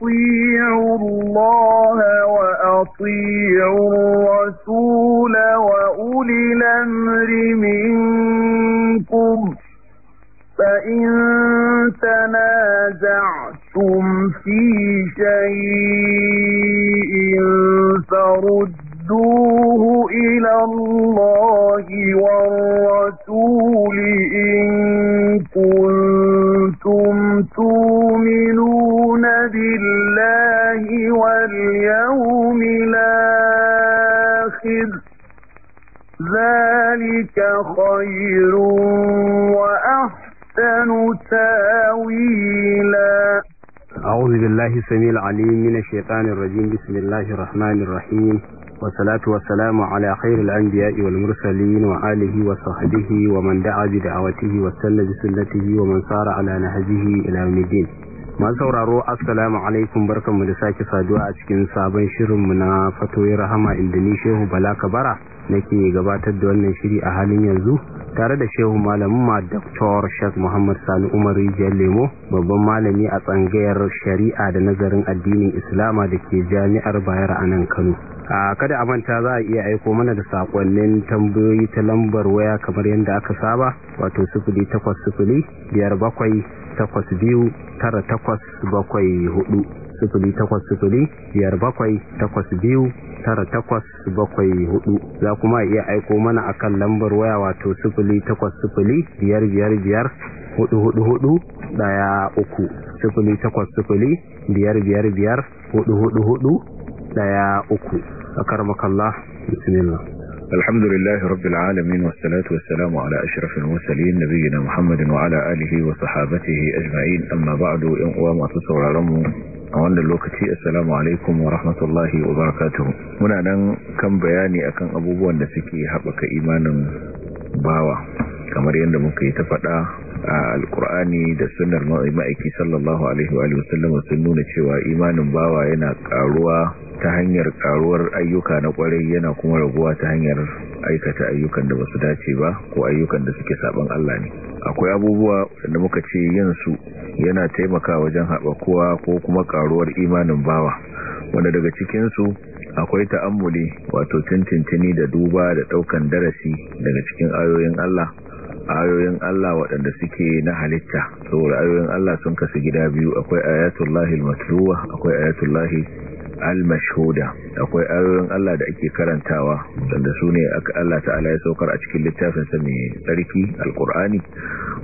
أطيعوا اللَّهَ وَأَطِيعُوا الرَّسُولَ وَأُولِي الْأَمْرِ مِنكُمْ فَإِن تَنَازَعْتُمْ فِي شَيْءٍ فَرُدُّوهُ إِلَى اللَّهِ وَالرَّسُولِ إِن كُنتُمْ كنتم تؤمنون بالله واليوم الآخر ذلك خير وأحسن تاويلا أعوذ بالله السميع العليم من الشيطان الرجيم بسم الله الرحمن الرحيم والصلاة والسلام wa خير wa والمرسلين وآله وصحبه ومن دعا بدعوته واستنى بسنته ومن سار على نهجه إلى يوم الدين ما sauraro assalamu alaikum mu da sake saduwa a cikin sabon mu na fatoyi rahama indini shehu bala kabara nake gabatar da wannan shiri a halin yanzu tare da shehu malamin ma Dr. Sheikh Muhammad Sani Umar Rijiyar Lemo babban malami a tsangayar shari'a da nazarin addinin Islama da ke jami'ar Bayar a nan Kano kada a manta za a iya aiko mana da sakonnin tambayoyi ta lambar waya kamar yadda aka saba wato hudu. sifili takwas sufuli biyar bakwai takwas biyu tara takwas bakwai hudu za kuma iya aiko mana akan lambar waya wato sufuli takwas sufuli biyar biyar biyar hudu hudu hudu daya uku sufuli takwas sufuli biyar biyar biyar hudu hudu hudu uku a akarmakallah bismillah الحمد لله رب العالمين والصلاة والسلام على أشرف المرسلين نبينا محمد وعلى آله وصحابته أجمعين أما بعد وما تصور رمو a wannan lokaci assalamu alaikum wa rahmatullahi wa barakatuhu muna nan kan bayani akan abubuwan da suke haɓaka imanin bawa kamar yadda muka yi ta faɗa a alkur'ani da sunar ma'aiki sallallahu alaihi wa sallam sun nuna cewa imanin bawa yana ƙaruwa ta hanyar karuwar ayyuka na kwarai yana kuma raguwa ta hanyar aikata ayyukan da basu dace ba ko ayyukan da suke saban Allah ne akwai abubuwa da muka ce yin su yana taimakawa wajen haɓakowa ko kuma karuwar imanin bawa wanda daga cikin su akwai ta'ammuli wato tintintini da duba da ɗaukan darasi daga cikin ayoyin Allah ayoyin Allah waɗanda suke na halitta saboda ayoyin Allah sun kasu gida biyu akwai ayatullahi matluwa akwai ayatullahi al-mashhuda akwai ayoyin Allah da ake karantawa wanda su ne Allah ta'ala ya saukar a cikin littafin sa mai tsarki al-Qur'ani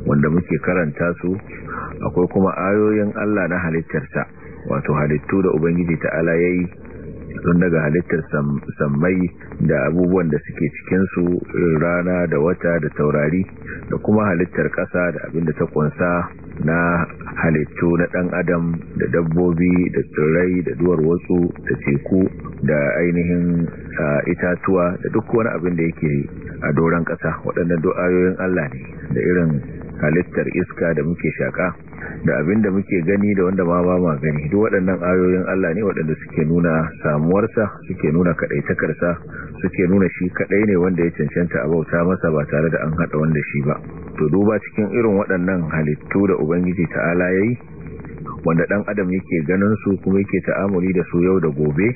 wanda muke karanta su akwai kuma ayoyin Allah na halittarsa wato halittu da ubangiji ta'ala yayi tun daga halittar sammai da abubuwan da suke cikinsu rana da wata da taurari da kuma halittar ƙasa da abinda ta kunsa na halittu na ɗan adam da dabbobi da tsirrai da duwar wasu da teku da ainihin itatuwa da duk wani abin da yake a doron ƙasa waɗanda do'ayoyin Allah ne da irin halittar iska da muke shaƙa da abinda muke gani da wanda ma ba ma gani duk waɗannan ayoyin Allah ne waɗanda suke nuna samuwarsa suke nuna kadaitakarsa suke nuna shi kadai ne wanda ya cancanta a bauta masa ba tare da an hada wanda shi ba to duba cikin irin waɗannan halittu da ubangiji ta'ala yayi wanda dan adam yake ganin su kuma yake ta'amuli da su yau da gobe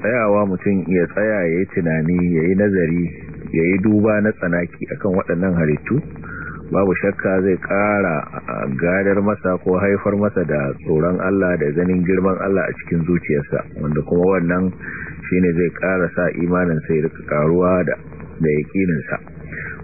tsayawa mutum ya tsaya yayi tunani yayi nazari yayi duba na tsanaki akan waɗannan halittu babu shakka zai ƙara gadar masa ko haifar masa da tsoron Allah da zanin girman Allah a cikin zuciyarsa wanda kuma wannan shine zai kara sa imanin sai da karuwa da da sa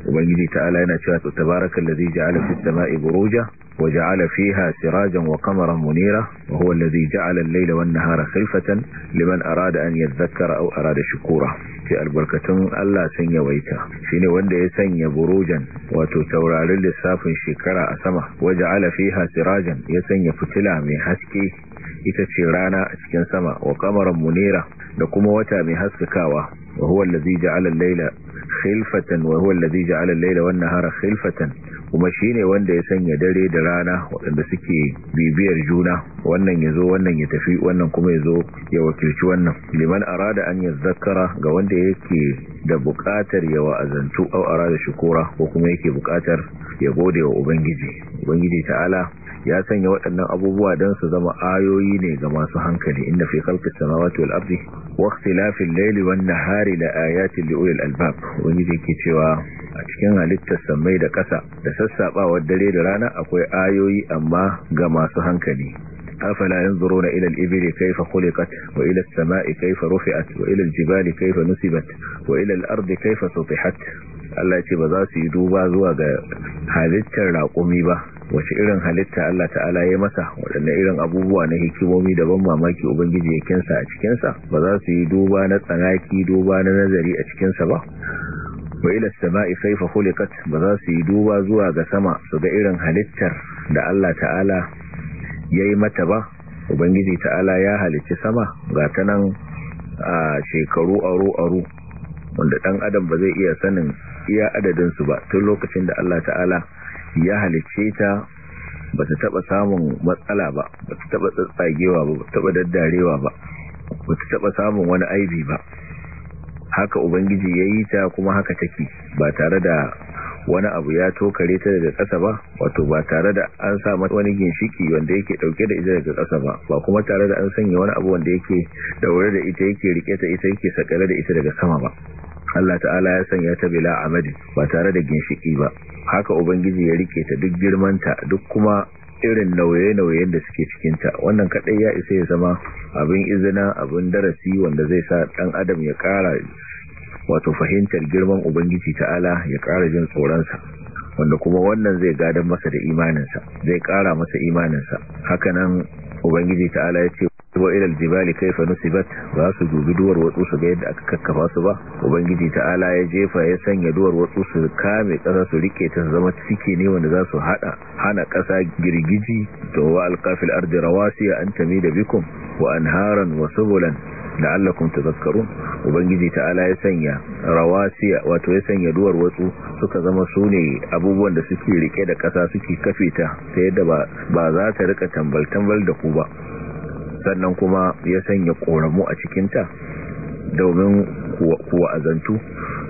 ubangiji ta'ala yana cewa tabarakan ladzi ja'ala fis sama'i buruja وجعل فيها سراجا وقمرا منيرا وهو الذي جعل الليل والنهار خلفة لمن أراد أن يذكر أو أراد شكورا في البركتون ألا سنيا ويتا شيني وند يسنيا بروجا وتتورى للساف شكرا أسمه وجعل فيها سراجا يسنيا فتلا من حسكي ita ce rana a cikin sama wa kamarar munira da kuma wata mai haskakawa وهو الذي جعل الليل خلفة وهو الذي جعل الليل والنهار خلفة kuma shine wanda ya sanya dare da rana waɗanda suke bibiyar juna wannan ya zo wannan ya tafi wannan kuma ya zo ya wakilci wannan liman arada an ya zakara ga wanda yake da buƙatar ya wa'azantu au arada shukura ko kuma yake buƙatar ya gode wa ubangiji ubangiji ta'ala ya sanya waɗannan abubuwa don su zama ayoyi ne ga masu hankali inda fi khalqis samawati wal ardi wa ikhtilafil layli hari da ayatin li albab wani da cewa a cikin halittar samai da ƙasa da sassabawar dare da rana akwai ayoyi amma ga masu hankali أفلا ينظرون إلى الإبل كيف خلقت وإلى السماء كيف jibali وإلى nusibat wa نسبت وإلى الأرض كيف سطحت Allah ce ba za su yi duba zuwa ga halittar raƙumi ba wace irin halitta Allah ta'ala ya masa waɗanne irin abubuwa na hikimomi ban mamaki ubangiji ya kensa a cikinsa ba za su yi duba na tsanaki duba na nazari a cikinsa ba wa ila sama'i kaifa khuliqat ba za su yi duba zuwa ga sama su ga irin halittar da Allah ta'ala yayi mata ba ubangiji ta'ala ya halicci sama ga ta nan a shekaru aro aro wanda dan adam ba zai iya sanin iya adadinsu ba tun lokacin da Allah ta'ala ya halice ta ba ta taɓa samun matsala ba ba ta taɓa tsatsagewa ba ba ta taɓa daddarewa ba ba ta taɓa samun wani aibi ba haka ubangiji ya yi ta kuma haka take ba tare da wani abu ya tokare ta daga ƙasa ba wato ba tare da an sa wani ginshiki wanda yake dauke da ita daga ƙasa ba ba kuma tare da an sanya wani abu wanda yake daure da ita yake rike ta ita yake sakare da ita daga sama ba Allah ta'ala ya sanya ta bila amadi ba tare da ginshiki ba haka ubangiji ya rike ta duk girmanta duk kuma irin nauye-nauyen da suke cikinta wannan kadai ya isa ya zama abin izina abin darasi wanda zai sa ɗan adam ya kara wato fahimtar girman ubangiji ta'ala ya kara jin tsoronsa wanda kuma wannan zai gadan masa da imaninsa zai ƙara masa imaninsa hakanan ubangiji ta'ala ya ce wa ilal jibali kaifa nusibat ba su dubi duwar watsu su ga yadda aka kakkafa su ba ubangiji ta'ala ya jefa ya sanya duwar watsu su kame kasa su rike ta zama ciki ne wanda za su hada hana kasa girgiji to wa alqafil ardi rawasiya an tamida bikum wa anharan wa da la'allakum tadhakkarun ubangiji ta'ala ya sanya rawasiya wato ya sanya duwar watsu suka zama sune abubuwan da suke riƙe da ƙasa suke kafe ta ta ba za ta rika tambal tambal da ku ba sannan kuma ya sanya ƙoramu a cikinta domin kuwa azantu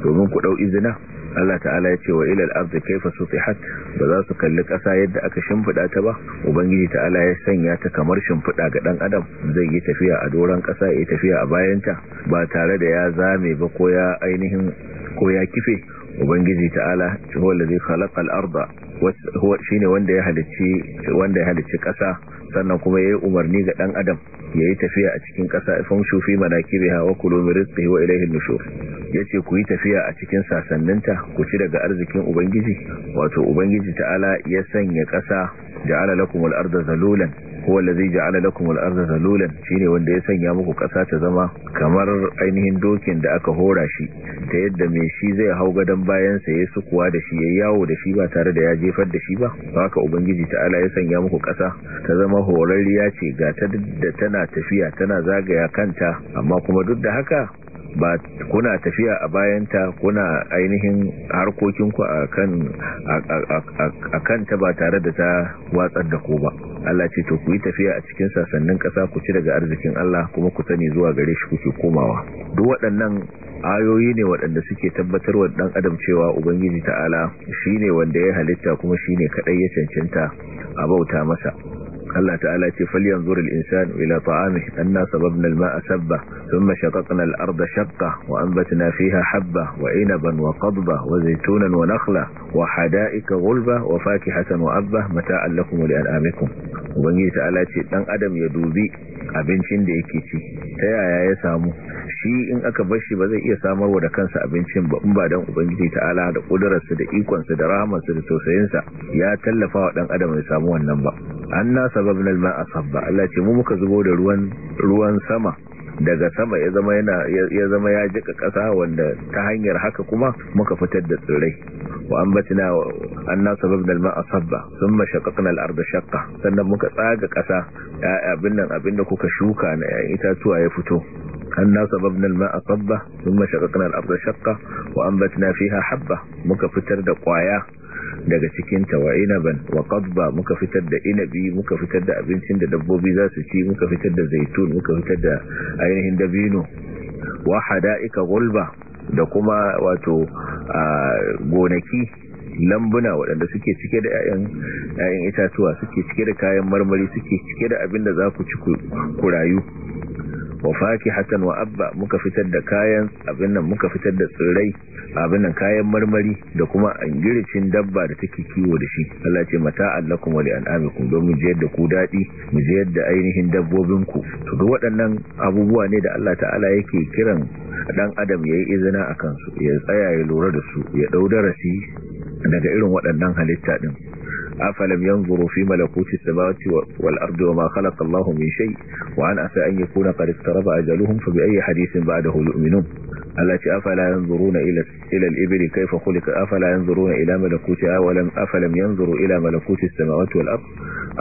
domin ku ɗau izina Allah ta'ala ya ce wa ilal su kayfa sutihat ba za su kalli ƙasa yadda aka shimfiɗa ta ba ubangiji ta'ala ya sanya ta kamar shimfiɗa ga ɗan adam zai yi tafiya a doron ƙasa ya tafiya a bayanta ba tare da ya zame ba ko ya ainihin ko ya kife ubangiji ta'ala huwa allazi khalaqa al-arda shine wanda ya halicci wanda ya halicci kasa sannan kuma yayi umarni ga dan adam yayi tafiya a cikin kasa famshu fi manakibiha wa kulu min rizqihi wa ilayhi an-nushur yace ku yi tafiya a cikin sasanninta ku ci daga arzikin ubangiji wato ubangiji ta'ala ya sanya kasa ja'ala lakum al-arda zalulan huwa allazi ja'ala lakum al-ardha zalulan shine wanda ya sanya muku kasa ta zama kamar ainihin dokin da aka hora shi ta yadda mai shi zai hau gadan bayan sa ya sukuwa da shi yayi yawo da shi ba tare da ya jefar da shi ba haka ubangiji ta'ala ya sanya muku kasa ta zama horarriya ce ga ta da tana tafiya tana zagaya kanta amma kuma duk da haka ba kuna tafiya a bayanta kuna ainihin harkokinku a kanta ba tare da ta watsar da ku ba Allah ce to ku yi tafiya a cikin sasannin ƙasa ku ci daga arzikin Allah kuma ku sani zuwa gare shi kuke komawa duk waɗannan ayoyi ne waɗanda suke tabbatar wa ɗan adam cewa ubangiji ta'ala shine wanda ya halitta kuma shine kadai ya cancanta a bauta masa الله تعالى يتي فلينظر الإنسان إلى طعامه أنا سببنا الماء سبة ثم شققنا الأرض شقة وأنبتنا فيها حبة وعنبا وقضبة وزيتونا ونخلة وحدائك غلبة وفاكهة وأبة متاء لكم ولأنامكم وبنجي تعالى يتي لن أدم يدوبي abincin da yake ci ta yaya ya samu shi in aka bashi ba zai iya samarwa da kansa abincin ba in ba don ubangiji ta ta'ala da kudurarsa da ikonsa da rahamarsa da tausayinsa ya tallafa wa dan adam ya samu wannan ba an na sababin Allah ce mu muka zubo da ruwan ruwan sama daga sama ya zama yana ya zama ya jika ƙasa wanda ta hanyar haka kuma muka fitar da tsirrai wa ambatina anna sababna al-ma'a sabba thumma shaqaqna al-ardha shaqqa sannan muka tsaga ƙasa abin nan abin da kuka shuka na itatuwa ya fito أنا صببنا الماء صبة ثم شققنا الأرض شقة وأنبتنا muka fitar da دقوايا daga cikin tawa inaban wa qadba muka fitar da inabi muka fitar da abincin da dabbobi za su ci muka fitar da zaitun muka fitar da ainihin dabino wa hada'ika gulba da kuma wato gonaki lambuna waɗanda suke cike da 'ya'yan itatuwa suke cike da kayan marmari suke cike da abin da za ku ci ku rayu wa hatan wa abba muka fitar da kayan abin nan muka fitar da tsirrai abin nan kayan marmari da kuma angiricin dabba da take kiwo da shi Allah ce mata allakum wa li'anamikum don mu jiyar da ku dadi mu jiyar da ainihin dabbobin ku to duk waɗannan abubuwa ne da Allah ta'ala yake kiran dan adam yayi izina akan su ya tsaya ya lura da su ya dau darasi daga irin waɗannan halitta din afalam yanzuru fi malakuti samawati wal ardi wama khalaqa Allahu min shay wa an asa an yakuna qad istaraba ajaluhum fa bi ayyi hadithin ba'dahu yu'minun Allah ce afala yanzuruna ila ila al-ibli kayfa khuliqa afala yanzuruna ila malakuti awalam afalam yanzuru ila malakuti samawati wal ardi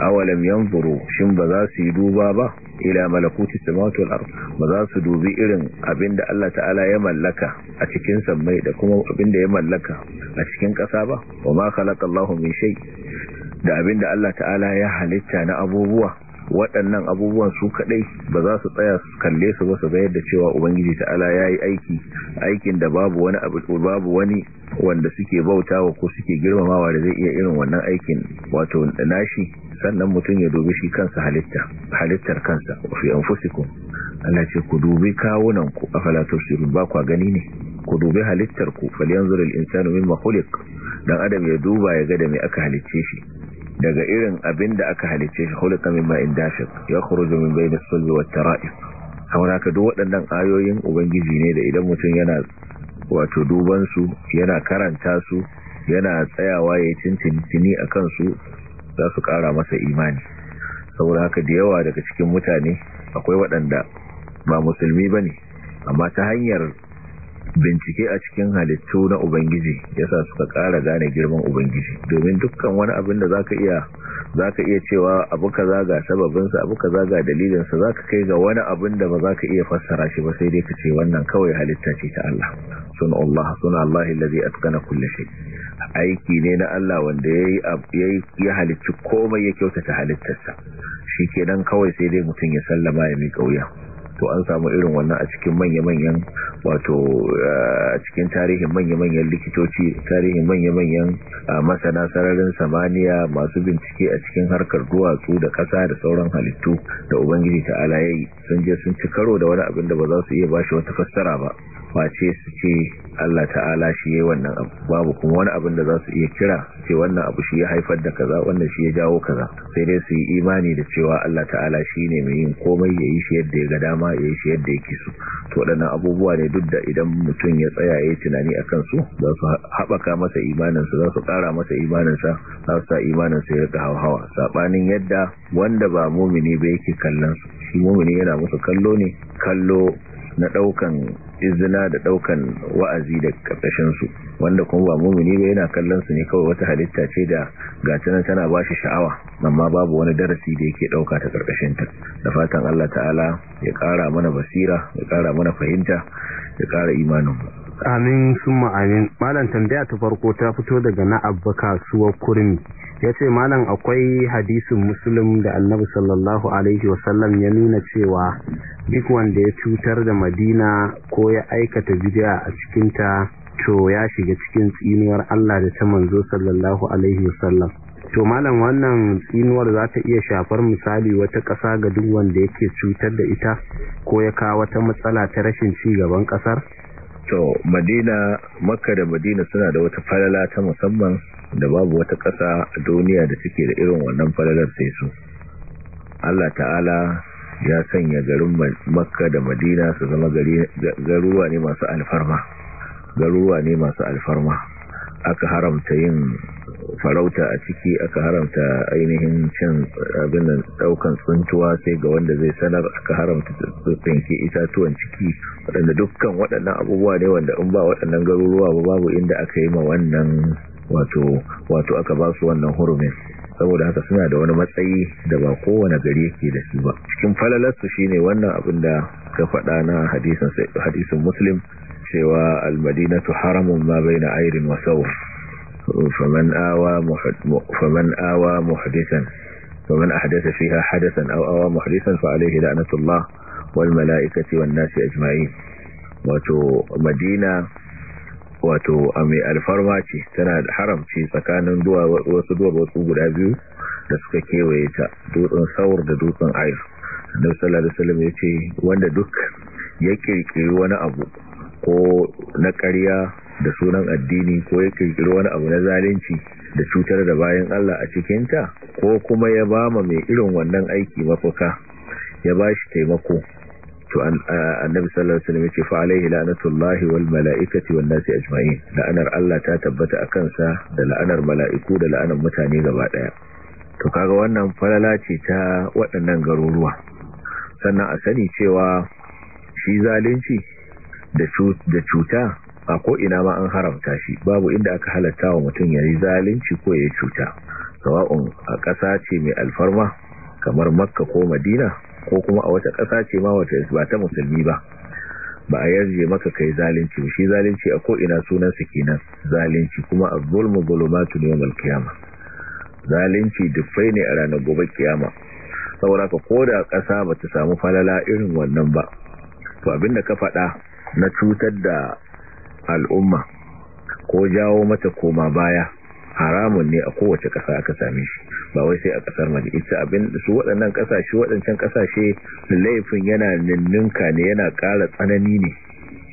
awalam yanzuru shin ba za su yi duba ba ila malakuti samawati wal ardi ba za su dubi irin abinda Allah ta'ala ya mallaka a cikin da kuma abinda ya mallaka a cikin ƙasa ba wama ma Allahu da abinda Allah ta'ala ya halitta na abubuwa waɗannan abubuwan su kaɗai ba za su tsaya su kalle su ba su ga yadda cewa ubangiji ta'ala ya yi aiki aikin da babu wani abu babu wani wanda suke bautawa ko suke girmamawa da zai iya irin wannan aikin wato nashi sannan mutum ya dubi shi kansa halitta halittar kansa fi anfusikum Allah ce ku dubi kawunan ku afala ba kwa gani ne ku dubi halittar ku falyanzur al-insanu mimma khuliq dan adam ya duba ya ga da me aka halicce shi daga irin abin da aka halice shi khulqa min ma'in dafiq yakhruju min bayni sulbi wat tara'if saboda ka duk waɗannan ayoyin ubangiji ne da idan mutum yana wato duban su yana karanta su yana tsayawa ya cincintini a kansu za su ƙara masa imani saboda haka da yawa daga cikin mutane akwai waɗanda ba musulmi ba ne amma ta hanyar bincike a cikin halittu na ubangiji yasa suka kara gane girman ubangiji domin dukkan wani abin da zaka iya zaka iya cewa abu kaza ga sababin sa abu kaza ga dalilin sa zaka kai ga wani abin da ba ka iya fassara shi ba sai dai ka ce wannan kawai halitta ce ta Allah sun Allah sun Allah allazi atqana kulli shay aiki ne na Allah wanda yayi yayi ya halicci komai ya kyautata halittarsa shi shikenan kawai sai dai mutum ya sallama ya miƙa kauya to an samu irin wannan a cikin manya-manyan wato eh, a cikin tarihin manya-manyan likitoci tarihin manya-manyan masana sararin samaniya masu bincike a cikin harkar duwatsu da ƙasa da sauran halittu da ubangiji ta alayayi sun je sun ci karo da wani abin da ba za su iya bashi wata fassara ba face su ce Allah ta'ala shi yi wannan abu babu kuma wani abin da za su iya kira ce wannan abu shi ya haifar da kaza wannan shi ya jawo kaza sai dai su yi imani da cewa Allah ta'ala shi ne mai yin komai ya yi shi yadda ya ga dama ya yi shi yadda yake so to waɗannan abubuwa ne duk da idan mutum ya tsaya ya yi tunani a kansu za su haɓaka masa imaninsa za su ƙara masa imaninsa za su sa imaninsa ya ga hawa saɓanin yadda wanda ba mumini ba yake kallon su shi mumini yana musu kallo ne kallo na daukan izina da daukan wa'azi da karkashin su wanda kuma ba mumini ba yana kallon su ne kawai wata halitta ce da gata nan tana shi sha'awa amma babu wani darasi da yake dauka ta karkashin ta da fatan Allah ta'ala ya kara mana basira ya kara mana fahimta ya kara imanin amin sun amin malam tambaya ta farko ta fito daga na abba kasuwar kurmi ya ce malam akwai hadisin musulun da annabi sallallahu alaihi wasallam ya nuna cewa duk wanda ya cutar da madina ko ya aikata bidiya a cikinta to ya shiga cikin tsinuwar allah da ta manzo sallallahu alaihi wasallam to malam wannan tsinuwar za ta iya shafar misali wata ƙasa ga duk wanda yake cutar da ita ko ya kawo wata matsala ta rashin ci gaban ƙasar to madina makka da madina suna da wata falala ta musamman da babu wata ƙasa a duniya da take da irin wannan falalar sai su Allah ta'ala ya sanya garin makka da madina su zama garuwa ne masu alfarma garuwa ne masu alfarma aka haramta yin farauta a ciki aka haramta ainihin cin abin da daukan tsuntuwa sai ga wanda zai sanar aka haramta ke itatuwan ciki waɗanda dukkan waɗannan abubuwa ne wanda in ba waɗannan garuruwa ba babu inda aka yi ma wannan wato wato aka ba su wannan hurumin saboda haka suna da wani matsayi da ba kowane gari yake da shi ba cikin falalarsu shine wannan abin da ka faɗa na hadisin muslim cewa almadinatu haramun ma baina ayrin wa sawf faman awa faman awa muhdisan faman ahdatha fiha hadathan aw awa muhdisan fa alayhi la'natullah wal mala'ikati wan nasi ajma'in wato madina wato a mai alfarma ce tana da haramci tsakanin wasu duwatsu guda biyu da suka kewaye ta dutsen saur da dutsen ayir da sallallahu alaihi wasallam yace wanda duk ya kirkiri wani abu ko na ƙarya da sunan addini ko ya kirkiri wani abu na zalunci da cutar da bayan Allah a cikinta ko kuma ya ba ma mai irin wannan aiki mafaka ya ba shi taimako to annabi sallallahu alaihi wasallam yace fa alaihi la'natullahi wal mala'ikati wan nasi ajma'in la'anar Allah ta tabbata akan sa da la'anar mala'iku da la'anar mutane gaba daya to kaga wannan falala ce ta waɗannan garuruwa sannan a sani cewa shi zalunci da cuta a ko'ina ma an haramta shi babu inda aka halatta wa mutum ya yi zalunci ko ya yi cuta sawa'un a ƙasa ce mai alfarma kamar makka ko madina ko kuma a wata ƙasa ce ma wata ba ta musulmi ba ba a yarje maka kai zalunci shi zalunci a ko'ina sunansa kenan zalunci kuma a zulmu zulumatu ne yawmal kiyama zalunci dufai ne a ranar gobe kiyama saboda ko da ƙasa ba ta samu falala irin wannan ba to abinda ka faɗa na cutar da al'umma ko jawo mata koma baya haramun ne a kowace ƙasa aka same shi ba wai sai a ƙasar mace ita abin su waɗannan ƙasashe waɗancan ƙasashe laifin yana ninninka ne yana ƙara tsanani ne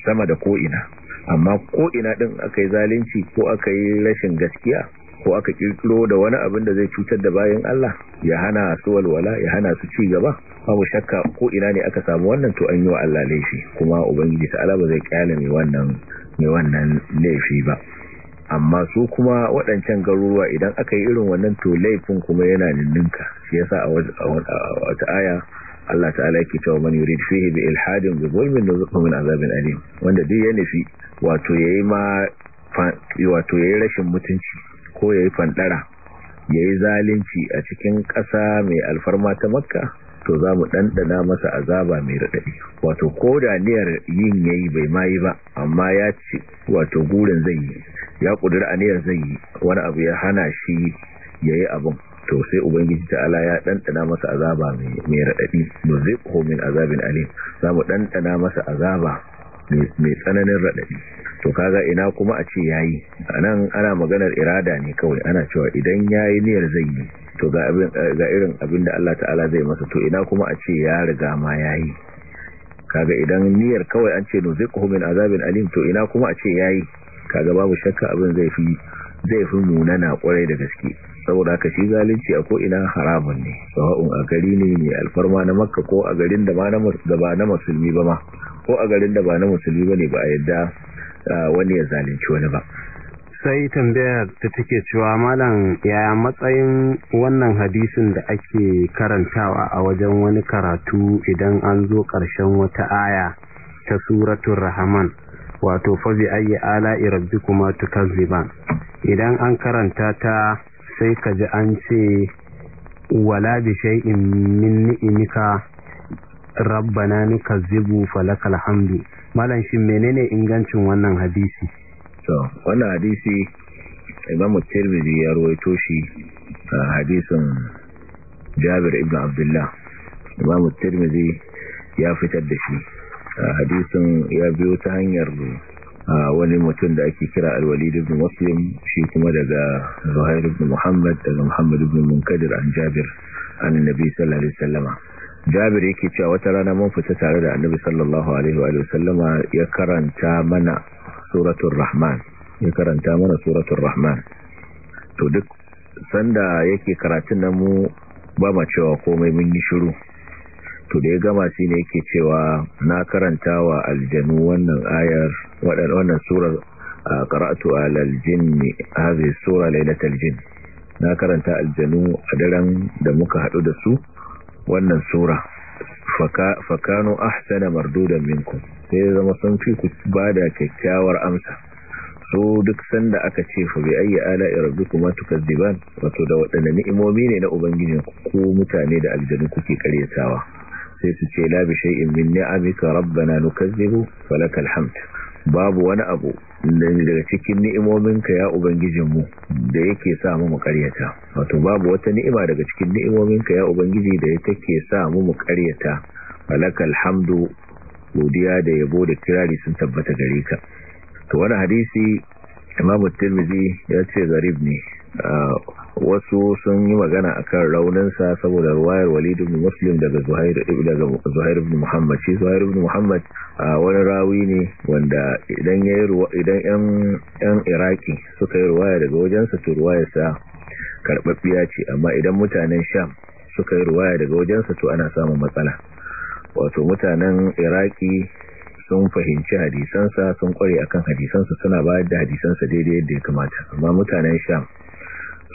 sama da ko'ina amma ko'ina ɗin aka yi zalunci ko aka yi rashin gaskiya ko aka kirkiro da wani abin da zai cutar da bayan Allah ya hana su walwala ya hana su ci gaba babu shakka ko ina ne aka samu wannan to an yi wa Allah laifi kuma ubangiji ta alaba zai kyale mai wannan mai wannan laifi ba amma su kuma waɗancan garuruwa idan aka yi irin wannan to laifin kuma yana ninninka shi yasa a wata aya Allah ta'ala yake cewa man yurid fihi bi ilhadin bi zulmin nuzuqu min azabin alim wanda duk ya nufi wato yayi ma wato yayi rashin mutunci ko ya yi fandara ya yi zalunci a cikin ƙasa mai alfarma ta makka to za mu ɗanɗana masa azaba mai raɗaɗi wato ko da niyar yin ya yi bai mayi ba amma ya ce wato gurin zai yi ya ƙudura aniyar zai yi wani abu ya hana shi ya yi abin to sai ubangiji ta ala ya ɗanɗana masa azaba mai raɗaɗi mu zai komin azabin alim za mu ɗanɗana masa azaba mai tsananin raɗaɗi to kaga ina kuma a ce yayi anan ana maganar irada ne kawai ana cewa idan yayi niyyar zai yi to ga abin ga irin abin da Allah ta'ala zai masa to ina kuma a ce ya riga ma yayi kaga idan niyyar kawai an ce no ku min azabin alim to ina kuma a ce yayi kaga babu shakka abin zai fi zai fi munana kwarai da gaske saboda haka shi zalunci a ko ina haramun ne sawa'un a gari ne ne alfarma na makka ko a garin da ba na musulmi ba ma ko a garin da ba na musulmi ba ne ba a yadda Eh, wani ya zalunci wani ba sai tambayar ta take cewa malam yaya matsayin wannan hadisin da ake karantawa a wajen wani karatu idan an zo ƙarshen wata aya ta suratun rahaman wato fazi ayi ala irabbi kuma tukazziban idan an karanta ta sai ka ji an ce wala bi shay'in min ni'imika rabbana kazzibu falakal hamdu malam shin menene ingancin wannan hadisi to wannan hadisi Imam Tirmidhi ya ruwaito shi a hadisin Jabir ibn Abdullah Imam Tirmidhi ya fitar da shi a hadisin ya biyo ta hanyar wani mutum da ake kira Al-Walid ibn Muslim shi kuma daga Zuhair ibn Muhammad daga Muhammad ibn Munkadir an Jabir an Nabi sallallahu alaihi wasallama jabir yake cewa wata rana mun fita tare da annabi sallallahu alaihi wa sallama ya karanta mana suratul rahman ya karanta mana suratul rahman to duk sanda yake karatun nan mu ba ma cewa komai mun yi shiru to da ya gama shi ne yake cewa na karanta wa aljanu wannan ayar wannan surar qara'tu alal jinni hadhihi sura lailatul jinn na karanta aljanu a daren da muka hadu da su wannan sura fakano ahsana mardudan minkum sai ya zama sun fi ku bada kyakkyawar amsa so duk sanda aka ce fa bi ayi ala rabbikuma tukazziban wato da wadanne ni'imomi ne na ubangijin ku mutane da aljanu kuke karyatawa sai su ce la bi shay'in min ni'amika rabbana nukazzibu falakal hamd babu wani abu daga cikin ni'imominka ya ubangijinmu da yake sa mu mu karyata wato babu wata ni'ima daga cikin ni'imominka ya ubangiji da ya take sa mu mu karyata falakal hamdu godiya da yabo da kirari sun tabbata gare ka to wani hadisi Imam Tirmidhi ya ce garib ne Uh, wasu sun yi magana akan rauninsa saboda ruwayar walid ibn muslim daga zuhair ibn muhammad shi zuhair ibn muhammad uh, wani rawi ne wanda idan yan iraki suka yi ruwaya daga wajensa to sa karbabbiya ce amma idan mutanen sham suka yi ruwaya daga wajensa to ana samun matsala wato mutanen iraki sun fahimci hadisansa sun kware akan hadisansa suna bayar da hadisansa daidai yadda ya kamata amma mutanen sham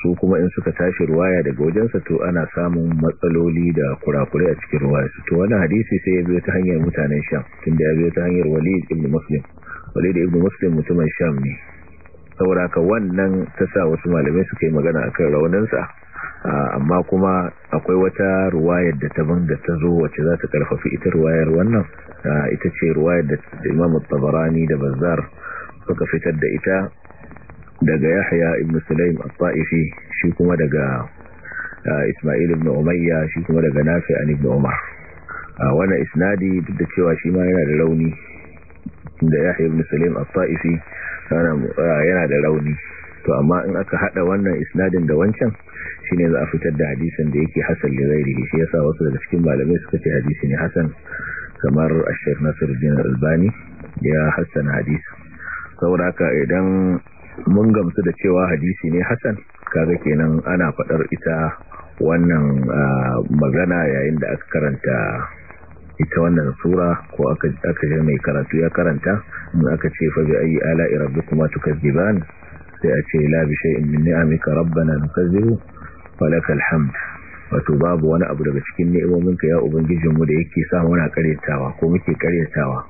su kuma in suka tashi ruwaya daga wajensa to ana samun matsaloli da kurakurai a cikin ruwaya su to wani hadisi sai ya biyo ta hanyar mutanen sham tunda ya biyo ta hanyar walid ibn muslim walid ibn muslim mutumin sham ne saboda haka wannan ta sa wasu malamai suka yi magana akan rauninsa amma kuma akwai wata ruwayar da ta da ta zo wacce za ta karfafi ita ruwayar wannan ita ce ruwayar da imamu tabarani da bazar suka fitar da ita daga yahya ibn sulaim al taifi shi kuma daga uh, isma'il ibn umayya shi kuma daga nafi an ibn umar uh, wannan isnadi duk da cewa shi ma yana da rauni da yahya ibn sulaim al taifi uh, yana da rauni to amma in aka hada wannan isnadin da wancan shine za a fitar da hadisin da yake hasan li ghairihi shi yasa wasu daga cikin malamai suka ce hadisi ne hasan kamar ash-shaykh Nasiruddin Albani ya hasan hadisi saboda haka idan mun gamsu da cewa hadisi ne hasan kaga kenan ana fadar ita wannan magana yayin da aka karanta ita wannan sura ko aka aka mai karatu ya karanta mun aka ce fa bi ayi ala rabbikuma tukazziban sai a ce la bi shay'in min ni'amika rabbana nukazzibu wa lakal hamd wato babu wani abu daga cikin ni'imominka ya ubangijinmu da yake sa muna karyatawa ko muke karyatawa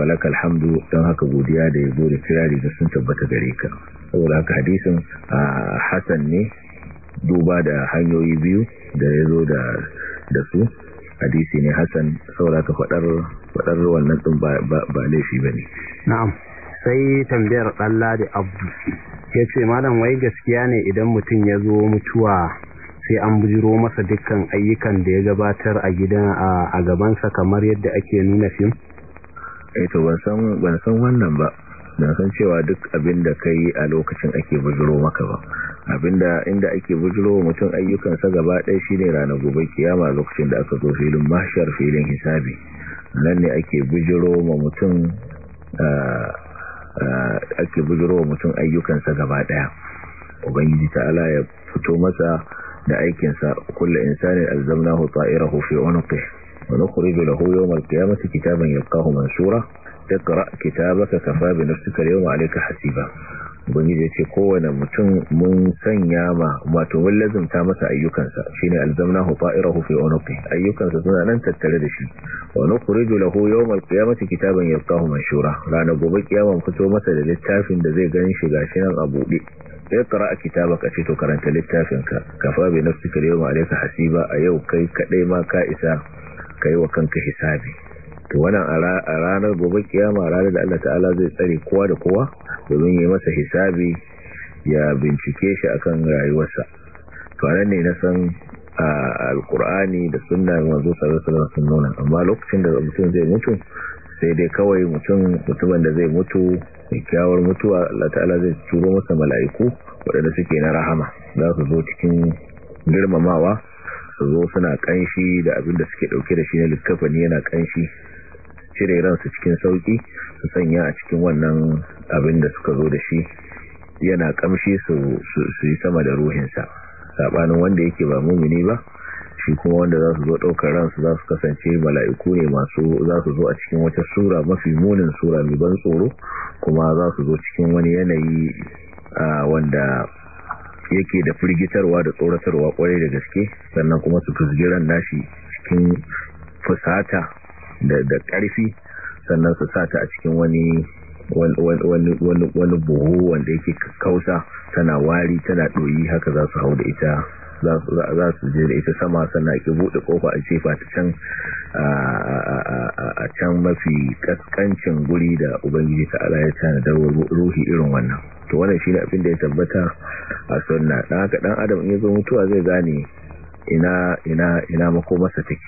falaka alhamdu don haka godiya da ya zo da kirari da sun tabbata gare ka saboda haka hadisin hasan ne duba da hanyoyi biyu da ya zo da su hadisi ne hasan saboda ka faɗar wannan tun ba laifi ba ne na'am sai tambayar ɗalla da abu ya ce malam wai gaskiya ne idan mutum ya zo mutuwa sai an bujiro masa dukkan ayyukan da ya gabatar a gidan a gabansa kamar yadda ake nuna fim Eh, to ban san wannan ba na san cewa duk abinda da ka yi a lokacin ake bujiro maka ba abinda inda ake bujiro mutum ayyukansa gaba ɗaya shi ranar gobe kiyama lokacin da aka zo filin mashar filin hisabi nan ne ake bujiro ma mutum ake bujiro wa mutum ayyukansa gaba ɗaya ubangiji ta'ala ya fito masa da aikinsa kulle insanin alzamnahu ta'irahu fi unqihi wa nukhriju lahu yawm al-qiyamati kitaban yalqahu mansura iqra kitabaka kafa bi nafsika al-yawma alayka hasiba ubangiji yace kowane mutum mun sanya ma wato mun lazumta masa ayyukansa shine alzamnahu ta'irahu fi unuqi ayyukansa suna nan tattare da shi wa nukhriju lahu yawm al-qiyamati kitaban yalqahu mansura ranar gobe kiyama fito masa da littafin da zai ganin shi gashi nan a buɗe kitaba ka ce to karanta littafin ka kafa bi nafsika al-yawma alayka hasiba a yau kai kadai ma ka isa ka yi wa kanka hisabi to wannan a ranar gobe kiyama ranar da Allah ta'ala zai tsare kowa da kowa domin ya masa hisabi ya bincike shi akan rayuwarsa to anan ne na san alkur'ani da sunna manzo sallallahu alaihi wasallam nuna amma lokacin da mutum zai mutu sai dai kawai mutum mutumin da zai mutu kyakkyawar mutuwa Allah ta'ala zai turo masa mala'iku waɗanda suke na rahama za su zo cikin girmamawa su zo suna kanshi da abin da suke dauke da shi ne littafin yana kanshi cire ransu cikin sauki su sanya a cikin wannan abin da suka zo da shi yana kamshi su yi sama da ruhinsa saɓanin wanda yake ba mumini ba shi kuma wanda za su zo ɗaukar ransu za su kasance mala'iku ne masu za su zo a cikin wata sura mafi munin sura mai ban tsoro kuma za su zo cikin wani yanayi ah, wanda yake da firgitarwa da tsoratarwa kwarai da gaske sannan kuma su fusgiran nashi cikin fusata da ƙarfi sannan su sata a cikin wani wani buhu wanda yake kausa tana wari tana ɗoyi haka za su hau da ita za su je da ita sama sannan ake buɗe kofa a cefa ta can a can mafi kaskancin guri da ubangiji ta ala ya tana da ruhi irin wannan to wannan shi ne abin da ya tabbata a sunna dan haka dan adam in ya zo mutuwa zai gane ina ina masa makomarsa take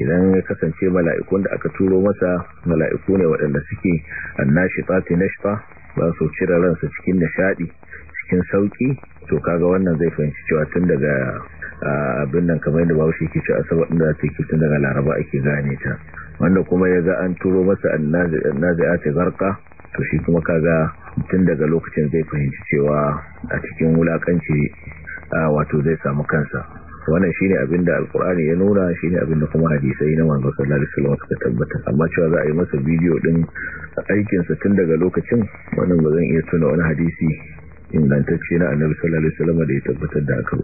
idan ya kasance mala'ikun da aka turo masa mala'iku ne waɗanda suke na tinashta ba su cire ransa cikin nishaɗi. cikin sauki to kaga wannan zai fahimci cewa tun daga abin nan kamar da shi ke cewa asabar da ta ke tun daga laraba ake gane ta wanda kuma ya ga an turo masa annazi'a ta zarka to shi kuma kaga tun daga lokacin zai fahimci cewa a cikin wulakanci wato zai samu kansa wannan shine abin da alkur'ani ya nuna shine abin da kuma hadisai na manzo sallallahu alaihi wasallam suka tabbata amma cewa za a yi masa bidiyo din aikinsa tun daga lokacin wannan ba zan iya tuna wani hadisi ingantacce na annabi sallallahu alaihi wasallam da ya tabbatar da haka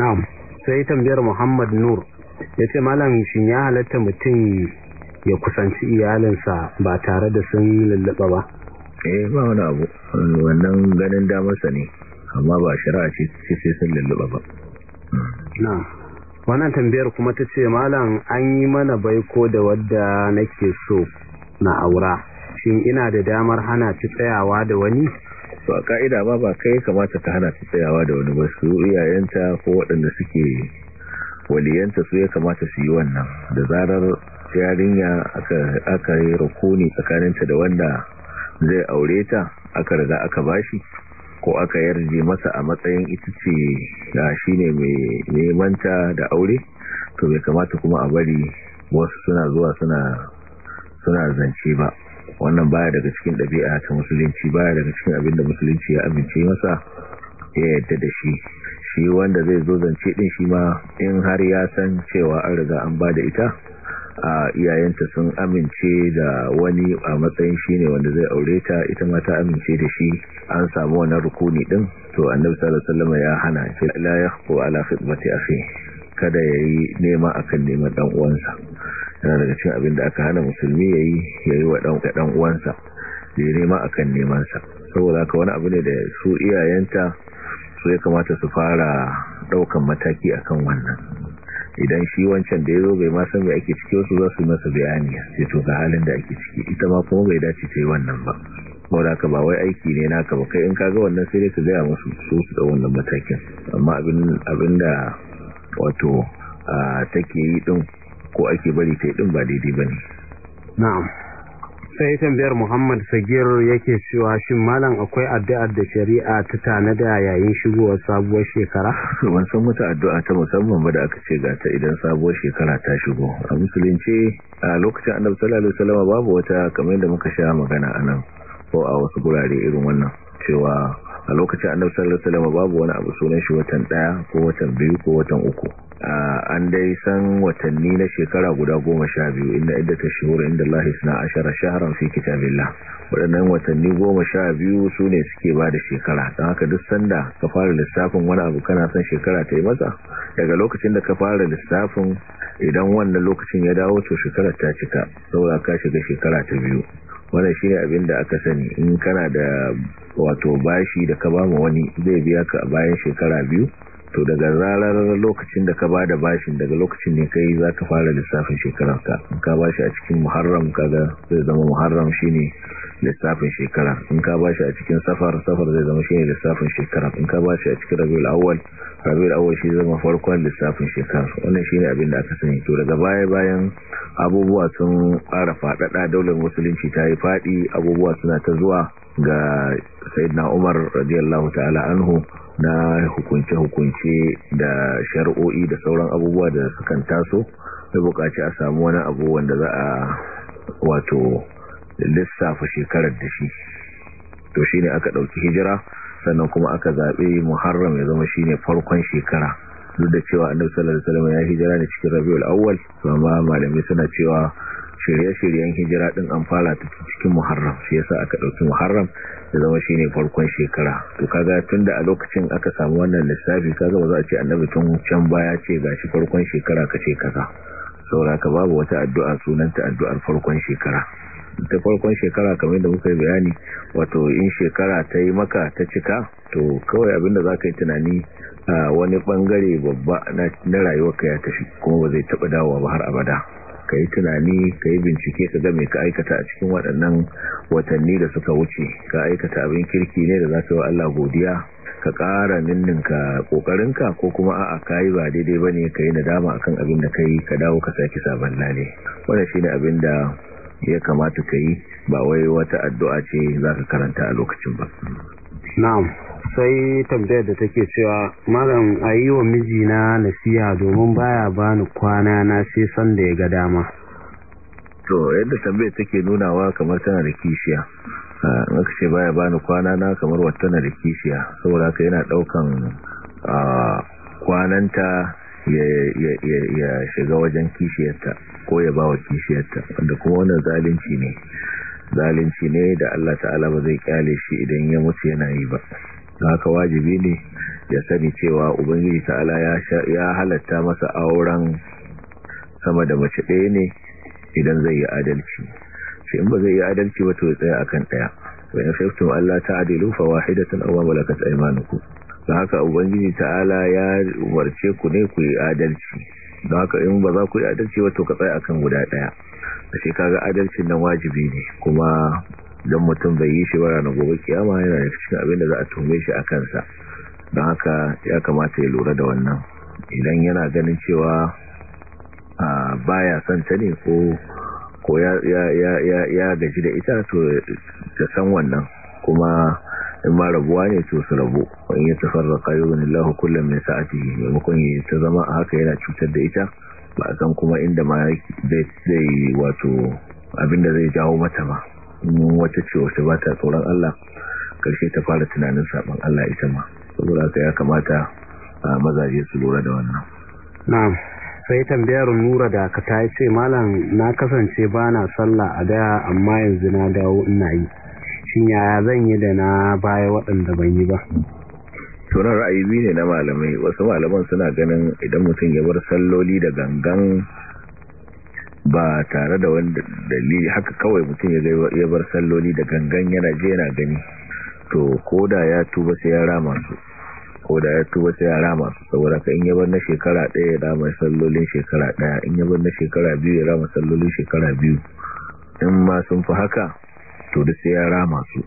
na'am sai tambayar Muhammad Nur yace malam shin ya halatta mutum ya kusanci iyalinsa ba tare da sun lullaba ba eh ba wani abu wannan ganin damarsa ne amma ba shari'a ce sai sun lullaba ba na'am wannan tambayar kuma ta ce malam an yi mana baiko da wadda nake so na aura shin ina da damar hana ci tsayawa da wani to a ka'ida ba ba kai kamata ta hana ta tsayawa da wani ba su iyayenta ko waɗanda suke waliyanta su ya kamata su yi wannan da zarar yarinya aka yi rukuni tsakaninta da wanda zai aure ta aka riga aka bashi ko aka yarje masa a matsayin ita ce da shi ne mai nemanta da aure to bai kamata kuma a bari wasu suna zuwa suna zance ba wannan baya daga cikin ɗabi'a ta musulunci baya daga cikin abinda musulunci ya amince masa ya yadda da shi shi wanda zai zo zance din shi ma in har ya san cewa an riga an ba da ita a iyayenta sun amince da wani a matsayin shi ne wanda zai aure ta ita ma ta amince da shi an samu wannan rukuni ɗin to annabi sallallahu alaihi wasallam ya hana ce la yahqu ala khidmati akhi kada yayi nema akan neman dan uwansa yana daga cikin abin da aka hana musulmi yayi yayi wa dan uwansa da ya nema akan neman sa saboda haka wani abu ne da su iyayenta su ya kamata su fara ɗaukan mataki akan wannan idan shi wancan da ya zo bai ma san me ake ciki wasu za su masa bayani sai to ga halin da ake ciki ita ma kuma bai dace ta yi wannan ba saboda haka ba wai aiki ne naka ba kai in ka ga wannan sai dai ka gaya musu su su da wannan matakin amma abin da wato take yi ɗin. ko ake bari ta din ba daidai ba ne na'am sai tambayar muhammad sagir yake cewa shin malam akwai addu'ar da shari'a ta tanada yayin shigowar sabuwar shekara ban san wata addu'a ta musamman ba da aka ce ga ta idan sabuwar shekara ta shigo a musulunci a lokacin annabi sallallahu alaihi babu wata kamar yadda muka sha magana anan ko a wasu gurare irin wannan cewa a lokacin annabi sallallahu alaihi wasallam babu wani abu sunan shi watan daya ko watan biyu ko watan uku an dai san watanni na shekara guda goma sha biyu inda iddata shuhur inda Allah isna ashara shahran fi kitabillah waɗannan watanni goma sha biyu su ne suke ba da shekara don haka duk sanda ka fara lissafin wani abu kana san shekara ta yi masa daga lokacin da ka fara lissafin idan wannan lokacin ya dawo to shekara ta cika saboda ka shiga shekara ta biyu wannan shine abin da aka sani in kana da wato bashi da ka ba wani zai biya ka a bayan shekara biyu to daga rarar lokacin da ka bada bashin daga lokacin ne kai za ka fara lissafin ka in ka bashi a cikin muharram kaga zai zama muharram shine lissafin shekara in ka bashi a cikin safar safar zai zama shine lissafin shekara in ka bashi a cikin rabiul awwal rabiul awwal shi zama farkon lissafin shekara wannan shine abin da aka sani to daga baya bayan abubuwa sun fara faɗaɗa daular musulunci ta yi fadi abubuwa suna ta zuwa ga sayyidina umar radiyallahu ta'ala anhu na hukunce-hukunce da shari'o'i da sauran abubuwa da sukan taso da bukaci a samu wani abu wanda za a wato lissafa shekarar da shi to shi ne aka ɗauki hijira sannan kuma aka zaɓe muharram ya zama shi ne farkon shekara duk da cewa annabi sallallahu ya hijira ne cikin rabiul awwal amma malamai suna cewa shirye-shiryen hijira din an fara ta cikin muharram shi yasa aka dauki muharram da zama shine farkon shekara to kaga tunda a lokacin aka samu wannan lissafi kaga ba za a ce annabi tun can baya ce gashi farkon shekara kace kaza saboda ka babu wata addu'a sunanta addu'ar farkon shekara ta farkon shekara kamar da muka bayani wato in shekara ta yi maka ta cika to kawai abinda za ka yi tunani ah, wani bangare babba na rayuwarka ya tafi kuma ba zai taba dawowa ba har abada ka yi tunani ka yi bincike ka ga ka aikata a cikin waɗannan watanni da suka wuce ka aikata abin kirki ne da za ka yi wa Allah godiya ka ƙara ninninka ƙoƙarinka ko kuma a'a ka yi ba daidai ba ne ka yi nadama a kan abin da ka yi ka dawo ka sake sabon lale wanda shi ne abin da ya kamata ka yi ba wai wata addu'a ce za ka karanta a lokacin ba na'am sai tambayar da take cewa malam yi wa mijina nasiha domin baya bani kwana na sai san ya ga dama to yadda tambayar take nunawa kamar tana da kishiya aka ce baya bani kwana na kamar wata na da kishiya saboda ka yana daukan kwananta ya shiga wajen kishiyarta ko ya bawa kishiyarta wanda kuma wannan zalunci ne zalunci ne da Allah ta'ala ba zai kyale shi idan ya mutu yana yi ba haka wajibi ne ya sani cewa ubangiji ta'ala ya halatta masa auren sama da mace ɗaya ne idan zai yi adalci shi in ba zai yi adalci ba to ya tsaya akan ɗaya wa in khiftum Allah ta'dilu fa wahidatan aw malakat aymanukum haka ubangiji ta'ala ya umarce ku ne ku yi adalci don haka in ba za ku yi adalci wato ka tsaya akan guda daya a shi kaga adalcin nan wajibi ne kuma don mutum bai yi shi bara na gobe kiyama yana da cikin abin da za a tume shi a kansa don haka ya kamata ya lura da wannan idan yana ganin cewa baya son ta ne ko ko ya gaji da ita to ta san wannan kuma in ma rabuwa ne to su rabu wani ya tafarraka lahu kullum min sa'atihi maimakon ya ta zama a haka yana cutar da ita ba a san kuma inda ma zai wato abinda zai jawo mata ma. in wata ce wata ba ta tsoron Allah karshe ta fara tunanin sabon Allah ita ma saboda haka ya kamata a mazaje su lura da wannan na'am sai tambayar nura da ka ta ce malam na kasance ba na sallah a daya amma yanzu na dawo ina yi yaya zan yi da na baya waɗanda ban yi ba tunan ra'ayi biyu ne na malamai wasu malaman suna ganin idan mutum ya bar salloli da gangan ba tare da wani dalili haka kawai mutum ya bar salloli da gangan yana je yana gani to ko da ya tuba sai ya rama su ko da ya tuba sai ya rama su saboda ka in ya bar na shekara ɗaya ya rama sallolin shekara ɗaya in ya bar na shekara biyu ya rama sallolin shekara biyu in ma sun fi haka to da sai ya rama su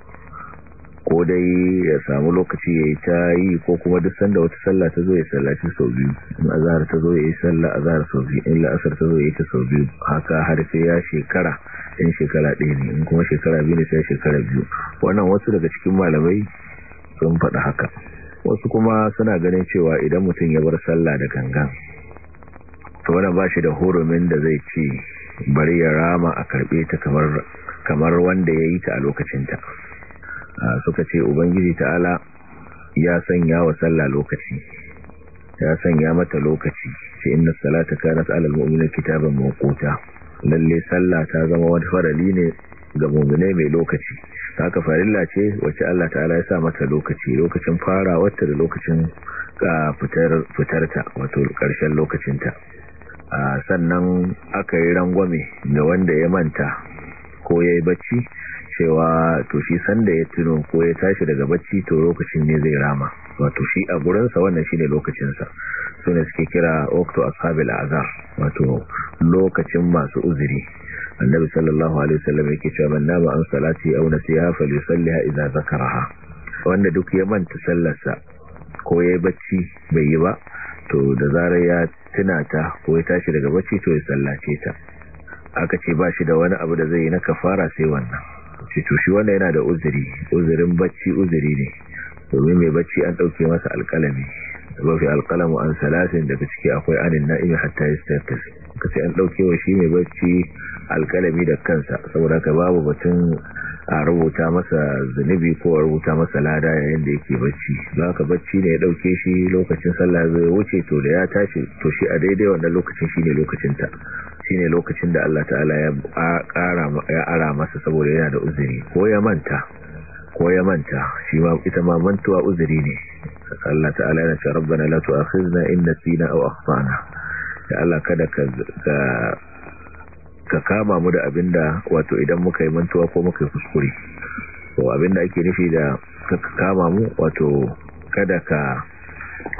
ko dai ya samu lokaci ya yi ta yi ko kuma duk sanda wata sallah ta zo ya sallaci sau biyu in azahar ta zo ya yi sallah azahar sau biyu in la'asar ta zo ya yi ta sau biyu haka har sai ya shekara in shekara ɗaya ne in kuma shekara biyu ne sai shekara biyu wannan wasu daga cikin malamai sun faɗa haka wasu kuma suna ganin cewa idan mutum ya bar sallah da gangan to wannan ba shi da hurumin da zai ci bari ya rama a karɓe ta kamar kamar wanda ya yi ta a lokacinta ah, suka ce ubangiji ta'ala ya sanya wa sallah lokaci ya sanya mata lokaci ce inna salata kanat alal mu'minina kitabin mawquta lalle sallah ta zama wani farali ne ga mummune mai lokaci haka farilla ce wacce Allah ta'ala ya sa mata lokaci lokacin fara wata da lokacin ka fitar fitarta wato karshen lokacinta ah, sannan aka yi rangwame da wanda ya manta ko ya yi bacci cewa to shi sanda ya tuno ko ya tashi daga bacci to lokacin ne zai rama wato shi a gurinsa wannan shi ne lokacinsa su ne suke kira okto ashabil azar wato lokacin masu uzuri annabi sallallahu alaihi wasallam yake cewa man nama an salati aw nasiha falyusalliha idza zakaraha wanda duk ya manta sallarsa ko ya yi bacci bai yi ba to da zarar ya tuna ta ko ya tashi daga bacci to ya sallace ta aka ce ba shi da wani abu da zai yi na kafara sai wannan ce to shi wanda yana da uzuri uzurin bacci uzuri ne domin mai bacci an ɗauke masa alƙalami da mafi alƙalamu an salasin daga ciki akwai anin na'imi hatta yi ka ce an dauke wa shi mai bacci alkalami da kansa saboda ka babu batun a rubuta masa zunubi ko a rubuta masa lada yayin da yake bacci za ka bacci ne ya dauke shi lokacin sallah zai wuce to da ya tashi to shi a daidai wannan lokacin shi ne lokacin ta shi ne lokacin da Allah ta'ala ya ara masa saboda yana da uzuri ko ya manta ko ya manta shi ma ita ma mantuwa uzuri ne Allah ta'ala yana ce rabbana la tu'akhizna in nasina aw akhtana da Allah kada ka ka kama mu da abinda wato idan muka yi mantuwa ko muka yi kuskure to abinda ake nufi da ka kama mu wato kada ka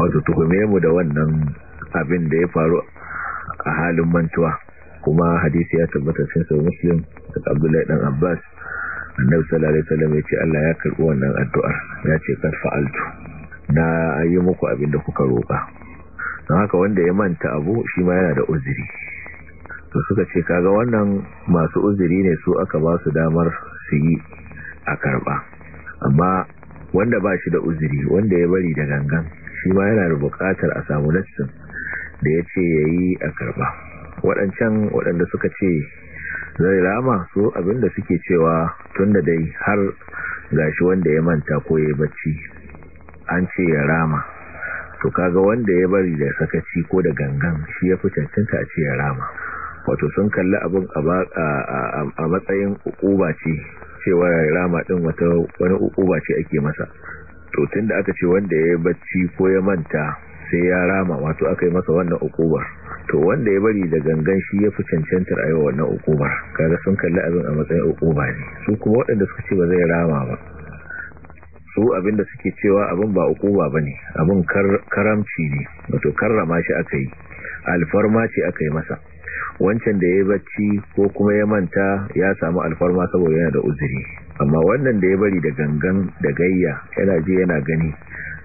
wato tukume mu da wannan abin da ya faru a halin mantuwa kuma hadisi ya tabbata cikin sahih muslim daga Abdullahi dan Abbas annabi sallallahu alaihi wasallam ya ce Allah ya karbi wannan addu'ar ya ce kad fa'altu na yi muku abin da kuka roƙa don haka wanda ya manta abu shi ma yana da uziri. to suka ce kaga wannan masu uziri ne su aka ba su damar su yi a karba amma wanda ba shi da uziri, wanda ya bari da gangan shi ma yana da bukatar a samu nassin da ya ce ya yi a karba waɗancan waɗanda suka ce zai rama su abinda suke cewa tun da dai har gashi wanda ya manta ko ya bacci an ce ya rama to kaga wanda ya bari da sakaci ko da gangan shi ya fi cancanta a ce ya rama wato sun kalli abin a matsayin ukuba ce cewa rama din wata wani ukuba ce ake masa to tun da aka ce wanda ya bacci ko ya manta sai ya rama wato aka yi masa wannan ukubar to wanda ya bari da gangan shi ya fi cancantar ayyau wannan ukubar kaga sun kalli abin a matsayin ukuba ne su kuma waɗanda suka ce ba zai rama ba su abinda suke cewa abin ba ukuba bane abin karamci ne wato karrama shi aka yi alfarma ce aka yi masa wancan da ya bacci ko kuma ya manta ya samu alfarma saboda yana da uzuri amma wannan da ya bari da gangan da gayya yana ji yana gani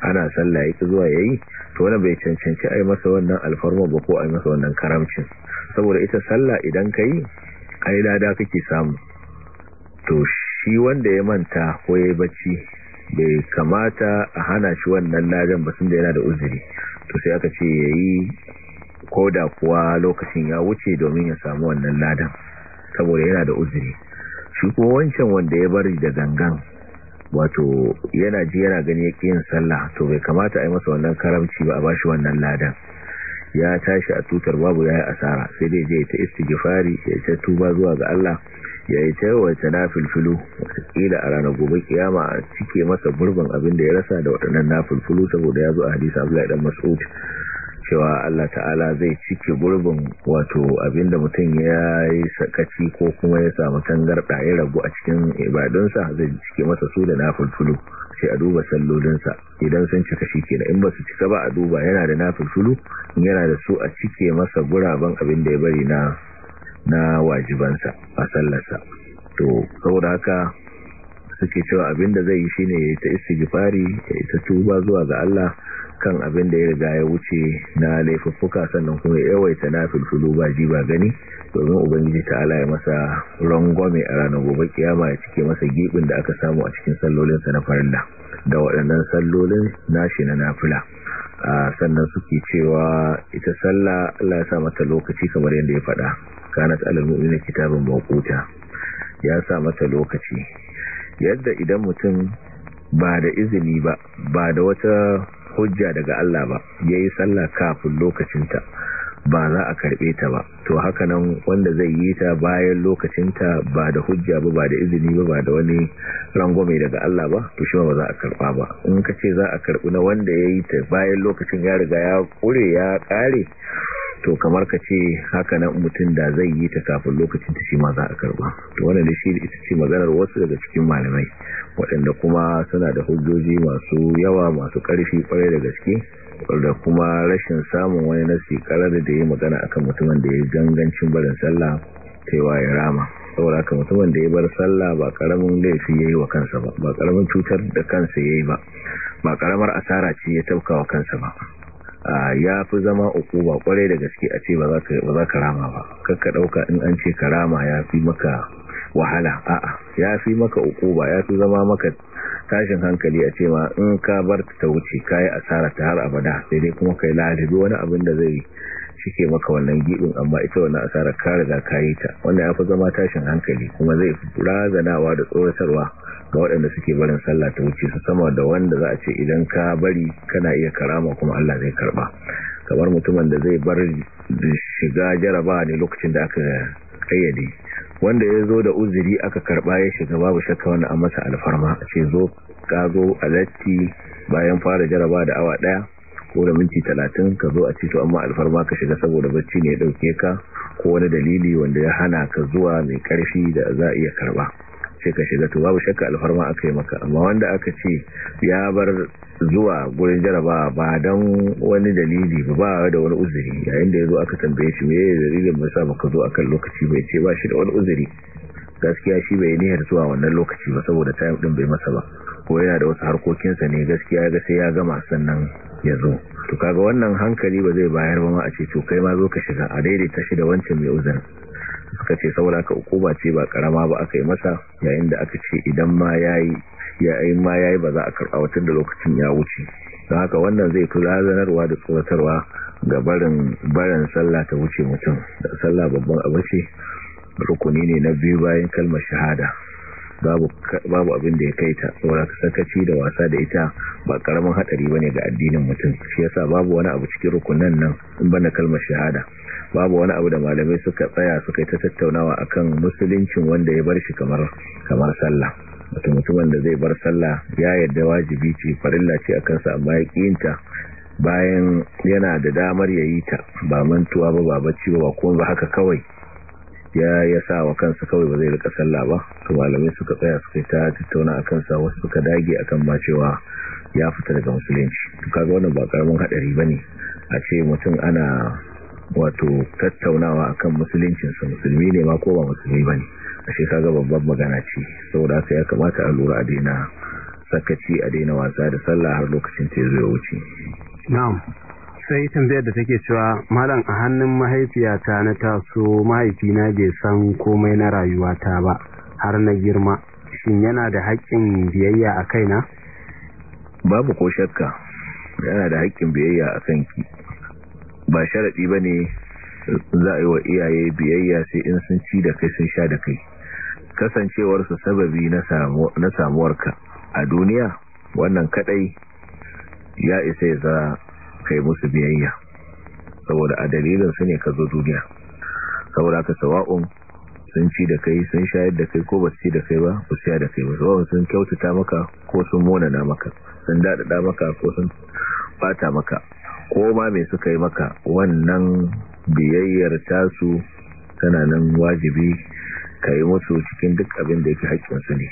ana sallah yake zuwa yayi to wani bai cancanci ai masa wannan alfarma ba ko ai masa wannan karamcin saboda ita sallah idan kai ai lada kake samu to shi wanda ya manta ko ya bacci bai kamata a hana shi wannan ladan ba sun da yana da uzuri to sai aka ce ya yi ko da kuwa lokacin ya wuce domin ya samu wannan ladan saboda yana da uzuri shi kuma wancan wanda ya bari da gangan wato yana ji yana gani ya yin sallah to bai kamata a yi masa wannan karamci ba a ba shi wannan ladan ya tashi a tutar babu ya yi asara sai dai je ta istigifari ya ta tuba zuwa ga Allah ya yi taiwace na wasu watakila a ranar gobe kiyama a cike masa gurbin abin da ya rasa da waɗannan na saboda ya zo a hadisa abdullahi dan mas'ud cewa Allah ta'ala zai cike gurbin wato abin da mutum ya yi sakaci ko kuma ya samu tangarɗa ya rabu a cikin ibadunsa zai cike masa su da nafulfulu sai a duba sallolinsa idan sun cika shi kenan in ba su cika ba a duba yana da nafulfulu yana da su a cike masa guraben abin da ya bari na na wajibansa a sallarsa to saboda haka suke cewa abinda zai yi shine ya ta istighfari ya ta tuba zuwa ga Allah kan abin da ya riga ya wuce na laifuffuka sannan kuma ya yawaita na filfilu ba ji ba gani domin ubangiji ta ala ya masa rangwame a ranar gobe kiyama ya cike masa gibin da aka samu a cikin sallolinsa na farilla da waɗannan sallolin nashi na nafila sannan suke cewa ita sallah Allah ya sa mata lokaci kamar yadda ya faɗa kanat alal mu'mina kitaban mawquta ya sa masa lokaci yadda idan mutum ba da izini ba ba da wata hujja daga Allah ba yayi sallah kafin lokacinta ba za a karbe ta ba to haka nan wanda zai yi ta bayan lokacinta ba da hujja ba ba da izini ba ba da wani rangwame daga Allah ba to shi ba za a karba ba in ka ce za a karbi na wanda yayi ta bayan lokacin ya riga ya kure ya kare to kamar ka ce haka nan mutum da zai yi ta kafin lokacin ta shi ma za a karba to wannan shi da ita ce maganar wasu daga cikin malamai waɗanda kuma suna da hujjoji masu yawa masu ƙarfi ƙwarai da gaske da kuma rashin samun wani nasi karar da ya magana akan mutumin da ya gangancin barin sallah ta yawa ya rama saboda haka mutumin da ya bar sallah ba karamin laifi ya yi wa kansa ba ba karamin cutar da kansa ya yi ba ba karamar asara ce ya tauka wa kansa ba ya fi zama ukuba kwarai da gaske a ce ba za ka rama ba kakka ɗauka in an ce ka rama ya fi maka wahala a'a ya fi maka ukuba ya fi zama maka tashin hankali a ce ma in ka bar ta wuce ka yi asara ta har abada sai dai kuma kai lalibi wani abin da zai shike maka wannan gibin amma ita wannan asara ka riga ka yi ta wanda ya fi zama tashin hankali kuma zai fi razanawa da tsoratarwa ga waɗanda suke barin sallah ta wuce su sama da wanda za a ce idan ka bari kana iya karama kuma Allah zai karba kamar mutumin da zai bar shiga jaraba ne lokacin da aka kayyade wanda ya zo da uziri aka karba ya shiga babu shakka wanda an masa alfarma a ce zo ka zo a latti bayan fara jaraba da awa daya ko da minti talatin ka zo a ci to amma alfarma ka shiga saboda bacci ne ya dauke ka ko wani dalili wanda ya hana ka zuwa mai karfi da za a iya karba ce ka shiga to babu shakka alfarma aka yi maka amma wanda aka ce ya bar zuwa gurin jaraba ba don wani dalili ba ba da wani uzuri yayin da ya zo aka tambaye shi me ya dalilin mai sa maka zo kan lokaci bai ce ba shi da wani uzuri gaskiya shi bai niyyar zuwa wannan lokaci ba saboda time din bai masa ba ko yana da wasu harkokinsa ne gaskiya ga sai ya gama sannan ya zo to kaga wannan hankali ba zai bayar ba ma a ce to kai ma zo ka shiga a daidaita shi da wancan mai uzuri suka ce saboda ka ukuba ce ba karama ba aka yi masa yayin da aka ce idan ma yayi yayin ma yayi ba za a karba wata da lokacin ya wuce don haka wannan zai fi razanarwa da tsoratarwa ga barin barin sallah ta wuce mutum sallah babban abu ce rukuni ne na biyu bayan kalmar shahada babu abin da ya kai ta saboda sakaci da wasa da ita ba karamin ba ne ga addinin mutum shi yasa babu wani abu cikin rukunan nan in bana kalmar shahada babu wani abu da malamai suka tsaya suka yi ta tattaunawa a kan musuluncin wanda ya bar shi kamar sallah mutum mutumin da zai bar sallah ya yadda wajibi ce farilla ce a kansa. amma ya ƙinta bayan yana da damar ya yi ta ba mantuwa ba ba bacci ba kuma ba haka kawai ya ya sa wa kansa kawai ba zai rika sallah ba to malamai suka tsaya suka ta tattauna akan sa wasu suka dage akan ma cewa ya fita daga musulunci to kaga wannan ba karamin hadari bane a ce mutum ana wato tattaunawa akan musuluncin sa musulmi ne ma ko ba musulmi bane ashe kaga babban magana ce saboda haka ya kamata a lura a daina sakaci a daina wasa da sallah har lokacin ta zo ya wuce na'am sai tambayar da take cewa malam a hannun mahaifiyata na taso mahaifina bai san komai na rayuwata ba har na girma shin yana da haƙƙin biyayya a kaina babu ko shakka yana da haƙƙin biyayya a kanki ba sharaɗi ba ne za a yi wa iyaye biyayya sai in sun ci da kai sun sha da kai kasancewarsu sababi na samuwarka a duniya wannan kaɗai ya isa ya kai musu biyayya saboda a dalilin su ne ka zo duniya saboda ka sawa'un sun ci da kai sun shayar da kai ko ba ci da kai ba ku siya da kai ba sawa'un sun kyautata maka ko sun monana maka sun daɗaɗa maka ko sun bata maka ko ma mai suka yi maka wannan biyayyar tasu tana nan wajibi ka yi musu cikin duk abin da yake haƙƙinsu ne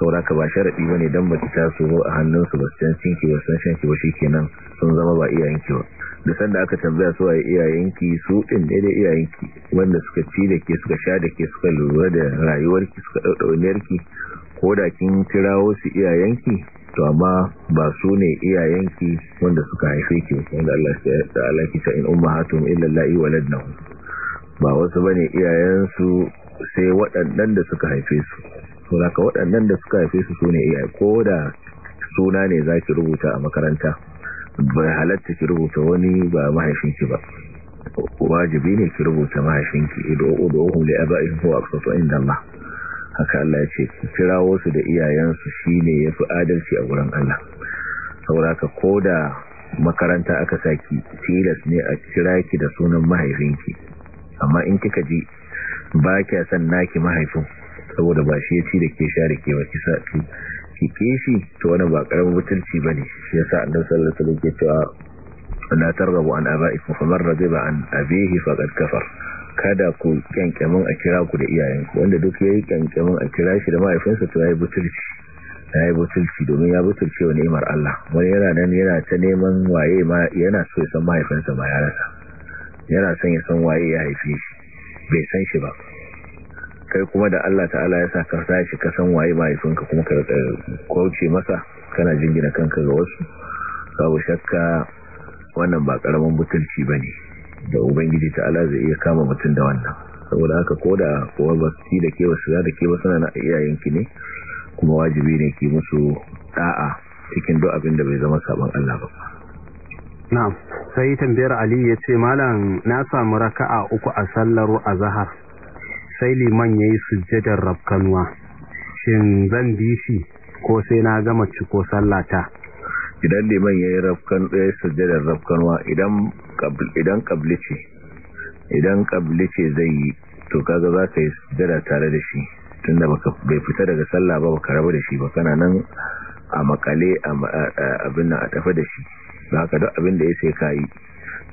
ka ba sharaɗi ba ne don mace ta su a hannunsu ba su can cinki ba san shanki ba shi kenan sun zama ba iyayenki ba da sanda aka tambaya su waye iyayenki su ɗin da iyayenki wanda suka ci da ke suka sha da ke suka lura da rayuwarki suka ɗauɗauniyarki ko da kin kirawo su iyayenki to amma ba su ne iyayenki wanda suka haife ki wanda Allah ta alaki ta in ummahatum illa allahi waladnahu ba wasu bane iyayensu sai waɗannan da suka haife su so waɗannan da suka haife su sune iyaye ko da suna ne za ki rubuta a makaranta ba halatta ki rubuta wani ba mahaifinki ba wajibi ne ki rubuta mahaifinki hu li aba'in huwa aqsatu inda Allah haka Allah ya ce ki kirawo su da iyayensu shine yafi adalci a gurin Allah saboda da makaranta aka saki tilas ne a kira ki da sunan mahaifinki amma in kika ji ba kya san naki mahaifin saboda ba shi ya ci da ke sha da ke ba kisa ki ke shi to wani ba karamin mutunci ba ne shi ya sa annan sallar sallar ke cewa na targabu an aba ikon kamar rabe ba an abehi faƙar kafar kada ku kyankyamin a kira ku da iyayenku wanda duk ya yi kyankyamin a kira shi da mahaifinsa to yi butulci ya butulci domin ya butulce wa ni'imar Allah wani yana nan yana ta neman waye ma yana so ya san mahaifinsa ma ya rasa yana son ya san waye ya haife shi bai san shi ba kai kuma da Allah ta'ala ya sa ka sashi ka san waye mahaifinka kuma ka kauce masa kana jingina kanka ga wasu babu shakka wannan ba karamin butulci bane da ubangiji ta'ala zai iya kama mutum da wannan saboda haka koda kowa ba su da ke wasu da ke wasu na iyayenki ne kuma wajibi ne ki musu da'a cikin duk abin da bai zama sabon Allah ba na'am sai tambayar ali ya ce malam na samu raka'a uku a sallar azhar sai liman yi sujjadar rafkanuwa shin zan bi shi ko sai na gama ciko sallata idan liman yayi yi sujjadar rafkanwa idan kabli ce idan kabli ce zai yi to kaga za ka yi sujjada tare da shi tunda baka bai fita daga sallah ba baka raba da shi ba kana nan a makale abin nan a tafi da shi ba ka duk abin da ya sai ka yi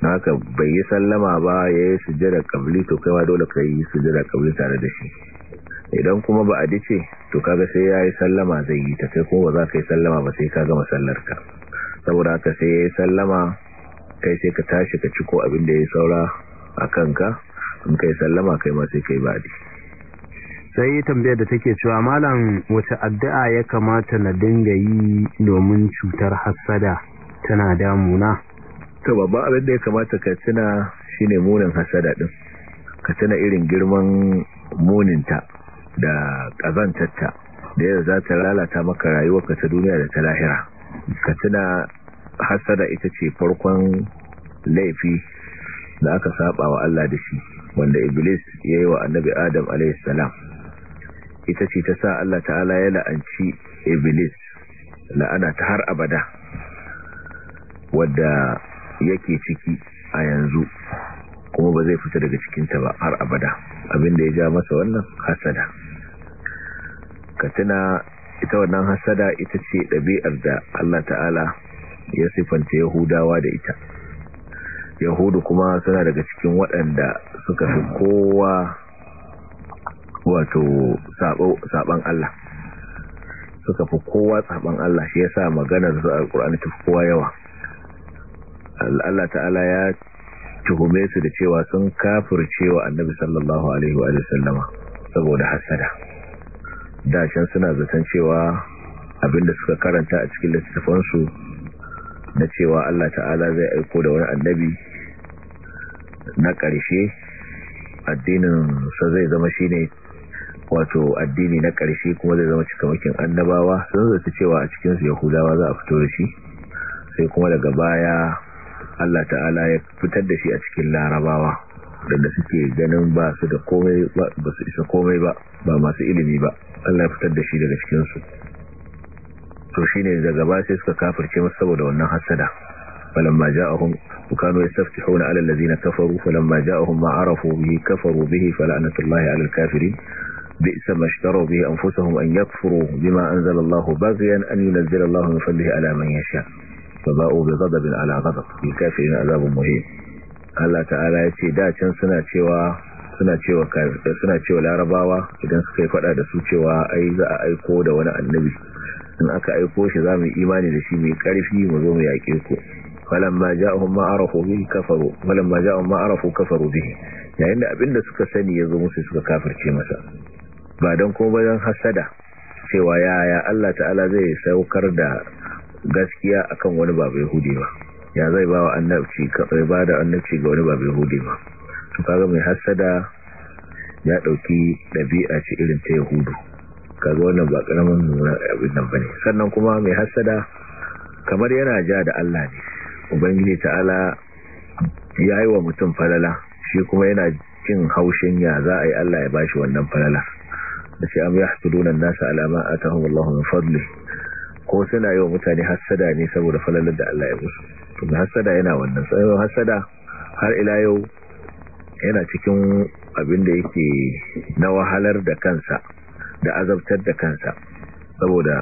na haka bai yi sallama ba ya yi sujjada kabli to kai ma dole ka yi sujjada kabli tare da shi idan kuma ba a dace to kaga sai ya yi sallama zai yi ta kai kuma ba za ka yi sallama ba sai ka gama sallar ka saboda haka sai ya yi sallama kai sai ka tashi ka ciko abin da ya saura a kanka in kai sallama kai ma sai kai baɗi. sai yi tambayar da take cewa malam wata addu'a ya kamata na dinga yi domin cutar hassada tana damuna to babba abin da ya kamata ka tuna shine munin hasada din ka tuna irin girman muninta da kazantarta da yadda za ta lalata maka rayuwarka ta duniya da ta lahira ka tuna hasada ita ce farkon laifi da aka saba wa Allah da shi wanda iblis ya yi wa annabi adam a.s. ita ce ta sa Allah ta'ala ya la'anci iblis la'ana ta har abada wadda yake ciki a yanzu kuma ba zai fita daga cikinta ba har abada abinda ya ja masa wannan hasada ka tuna ita wannan hasada ita ce ɗabi'ar da Allah ta'ala ya siffanta yahudawa da ita yahudu kuma suna daga cikin waɗanda suka fi kowa wato saɓan Allah suka fi kowa saɓan Allah shi ya sa maganar su a ƙur'ani ta fi kowa yawa Allah ta'ala ya tuhume su da cewa sun cewa annabi sallallahu alaihi wa sallama saboda hasada dashen suna zaton cewa abinda suka karanta a cikin littattafansu na cewa Allah ta'ala zai aiko da wani annabi na ƙarshe sa zai zama shi wato addini na ƙarshe kuma zai zama cikamakin annabawa sun zata cewa a cikinsu yahudawa za a fito da shi sai kuma daga baya Allah ta'ala ya fitar da shi a cikin larabawa daga suke ganin ba su da komai ba su isa komai ba ba masu ilimi ba Allah ya fitar da shi daga cikinsu to shi ne daga ba sai suka kafirce masu saboda wannan hasada falamma ja'ahum kanu yastaftihuna 'ala allazina kafaru falamma ja'ahum ma arafu bihi kafaru bihi fala'natullahi 'alal kafirin بئس ما اشتروا به أنفسهم أن يكفروا بما أنزل الله باغيا أن ينزل الله من فضله على من sabau bi ghadabin ala ghadab bil kafirin azabun muhim Allah ta'ala ya ce da can suna cewa suna cewa suna cewa larabawa idan suka yi fada da su cewa ai za a aiko da wani annabi in aka aiko shi za mu yi imani da shi mai karfi mu zo mu yaƙe ku falamma ja'ahum ma arafu bi kafaru falamma ja'ahum ma arafu kafaru bihi yayin da abinda suka sani yazo musu suka kafirce masa ba dan ko bayan hasada cewa yaya Allah ta'ala zai saukar da gaskiya akan wani babu bai hude ba ya zai ba wa annabci kafai ba da annabci ga wani babu bai ba to kaga mai hasada ya dauki dabi'a ce irin ta yahudu kaga wannan ba nuna abin nan bane sannan kuma mai hasada kamar yana ja da Allah ne ubangiji ta'ala ya yi wa mutum falala shi kuma yana cin haushin ya za a yi Allah ya bashi wannan falala da ce am yahsuduna an-nasa alama atahum Allahu min fadli ko suna yi wa mutane hassada ne saboda falalar da Allah ya musu tun hassada yana wannan tsayon hassada har ila yau yana cikin abin da yake na wahalar da kansa da azabtar da kansa saboda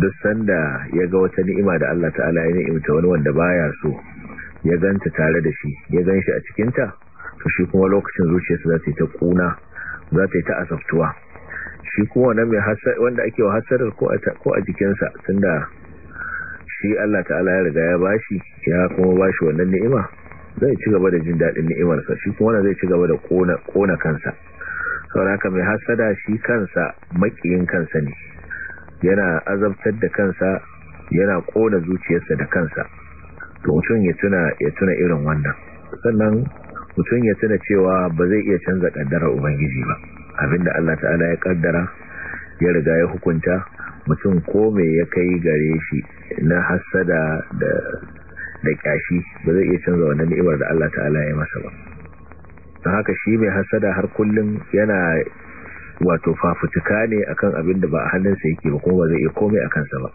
duk sanda ya ga wata ni'ima da Allah ta'ala ya ni'imta wani wanda baya so ya ganta tare da shi ya gan shi a cikinta to shi kuma lokacin zuciyarsa za ta yi ta kuna za ta yi ta asabtuwa shi kuma wanda mai wanda ake wa hasarar ko a ko a jikinsa tunda shi Allah ta'ala ya riga ya bashi ya kuma bashi wannan ni'ima zai ci gaba da jin daɗin ni'imar sa shi kuma zai ci gaba da kona kona kansa saboda mai hasada shi kansa makiyin kansa ne yana azabtar da kansa yana kona zuciyarsa da kansa to mutum ya tuna ya tuna irin wannan sannan mutum ya tuna cewa ba zai iya canza kaddarar ubangiji ba Abin da Allah ta'ala ya kaddara ya riga ya hukunta mutum ko me ya kai gare shi na hasada da da kyashi ba zai iya canza wannan ni'imar da Allah ta'ala ya masa ba don haka shi mai hasada har kullum yana wato fafutuka ne akan abin da ba a hannunsa yake ba kuma ba zai iya komai a kansa ba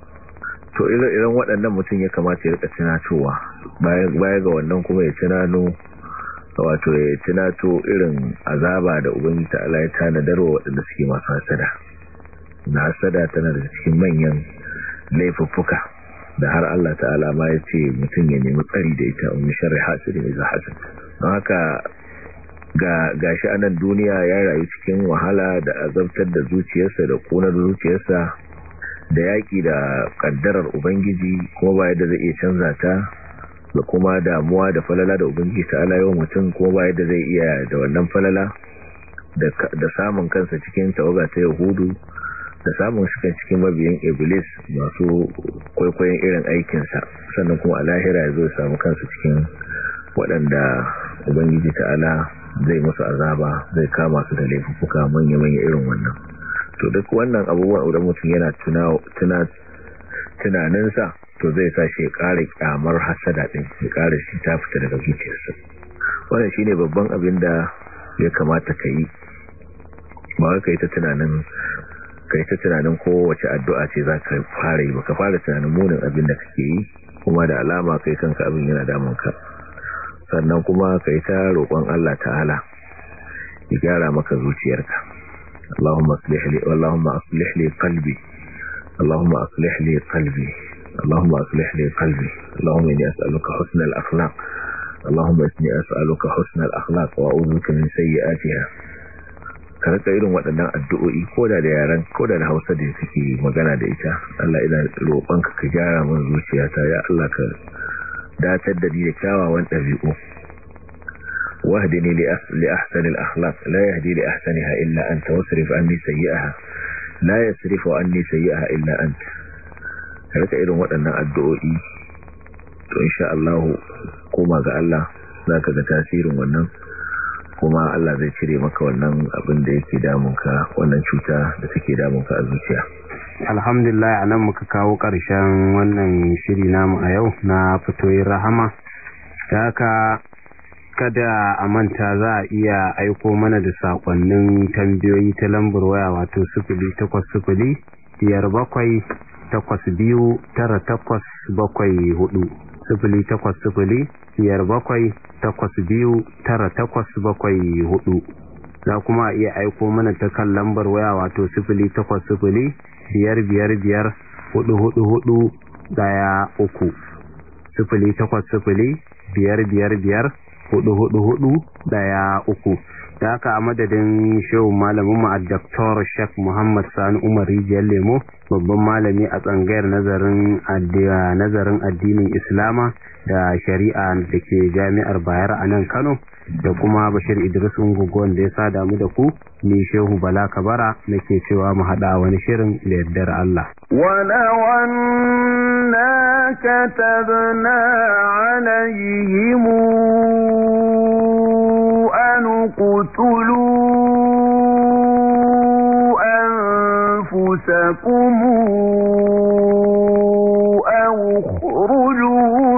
to irin waɗannan mutum ya kamata ya rika tunatowa baya ga wannan kuma ya tunano wato ya tunato irin azaba da ubangiji ta ya darwa waɗanda suke masu hasada na hasada tana da cikin manyan laifuffuka da har Allah ta'ala ma ya ce mutum ya nemi tsari da ita shari sharri da iza hasid don haka ga gashi a duniya ya rayu cikin wahala da azabtar da zuciyarsa da ƙunar zuciyarsa da yaƙi da ƙaddarar ubangiji ko ba da zai iya canza ta da kuma damuwa da falala da ta ta'ala yawan mutum ko ba yadda zai iya da wannan falala da samun kansa cikin tawaga ta yahudu da samun shi cikin mabiyan iblis masu kwaikwayon irin aikinsa sannan kuma alahira ya zo samu kansa cikin waɗanda ubangiji ta'ala zai masu azaba zai kama su da laifuka manya-manya irin wannan to duk wannan abubuwan da mutum yana tunaninsa to zai sa shi ƙara kyamar hasada ɗin shi ƙara shi ta fita daga zuciyarsa wannan shi ne babban abin da ya kamata ka yi ba ka yi ta tunanin ka yi ta tunanin kowace addu'a ce za ka fara yi ba ka fara tunanin munin abin da kake yi kuma da alama kai kanka abin yana ka. sannan kuma ka yi ta roƙon Allah ta'ala ya gyara maka zuciyarka Allahumma aslih li qalbi Allahumma aslih li qalbi اللهم أصلح لي قلبي اللهم إني أسألك حسن الأخلاق اللهم إني أسألك حسن الأخلاق وأعوذ من سيئاتها ka rika irin waɗannan addu'o'i ko da da yaran ko da da hausa da suke magana da ita Allah ina roƙonka ka gyara zuciya, zuciyata ya Allah ka datar da ni da kyawawan ɗabi'u wahdini li ahsani akhlaq la yahdi li ahsaniha illa anta wasrif anni sayyi'aha la yasrifu anni sayyi'aha illa anta ka rika irin waɗannan addu'o'i to sha Allah koma ga Allah za ka ga tasirin wannan kuma Allah zai cire maka wannan abin da yake damunka wannan cuta da take damunka a zuciya alhamdulillah nan muka kawo ƙarshen wannan shiri namu a yau na fitoyin rahama ta haka kada a manta za a iya aiko mana da sakonnin tambayoyi ta lambar waya wato sufuli takwas sufuli biyar bakwai takwas biyu tara takwas bakwai hudu sifili takwas sifili biyar bakwai takwas biyu tara takwas bakwai hudu za kuma iya aiko mana ta kan lambar waya wato sifili takwas sifili biyar biyar biyar hudu hudu hudu daya uku sifili takwas sifili biyar biyar biyar hudu hudu hudu daya uku da haka a madadin shehu malamin mu al-doktor Sheikh Muhammad Sani Umar Rijiyar Lemo babban malami a tsangayar nazarin addinin Islama da shari'a da ke jami'ar bayar a nan kano da kuma bashir idris ungugon da ya sa damu da ku ni shehu bala kabara na ke cewa mu haɗa wani shirin da yardar allah كتبنا عليهم an أنفسكم أو اخرجوا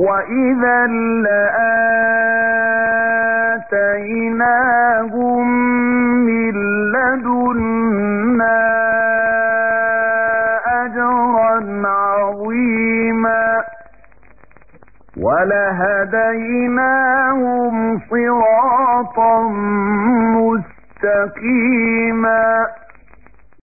وإذا لآتيناهم من لدنا أجرا عظيما ولهديناهم صراطا مستقيما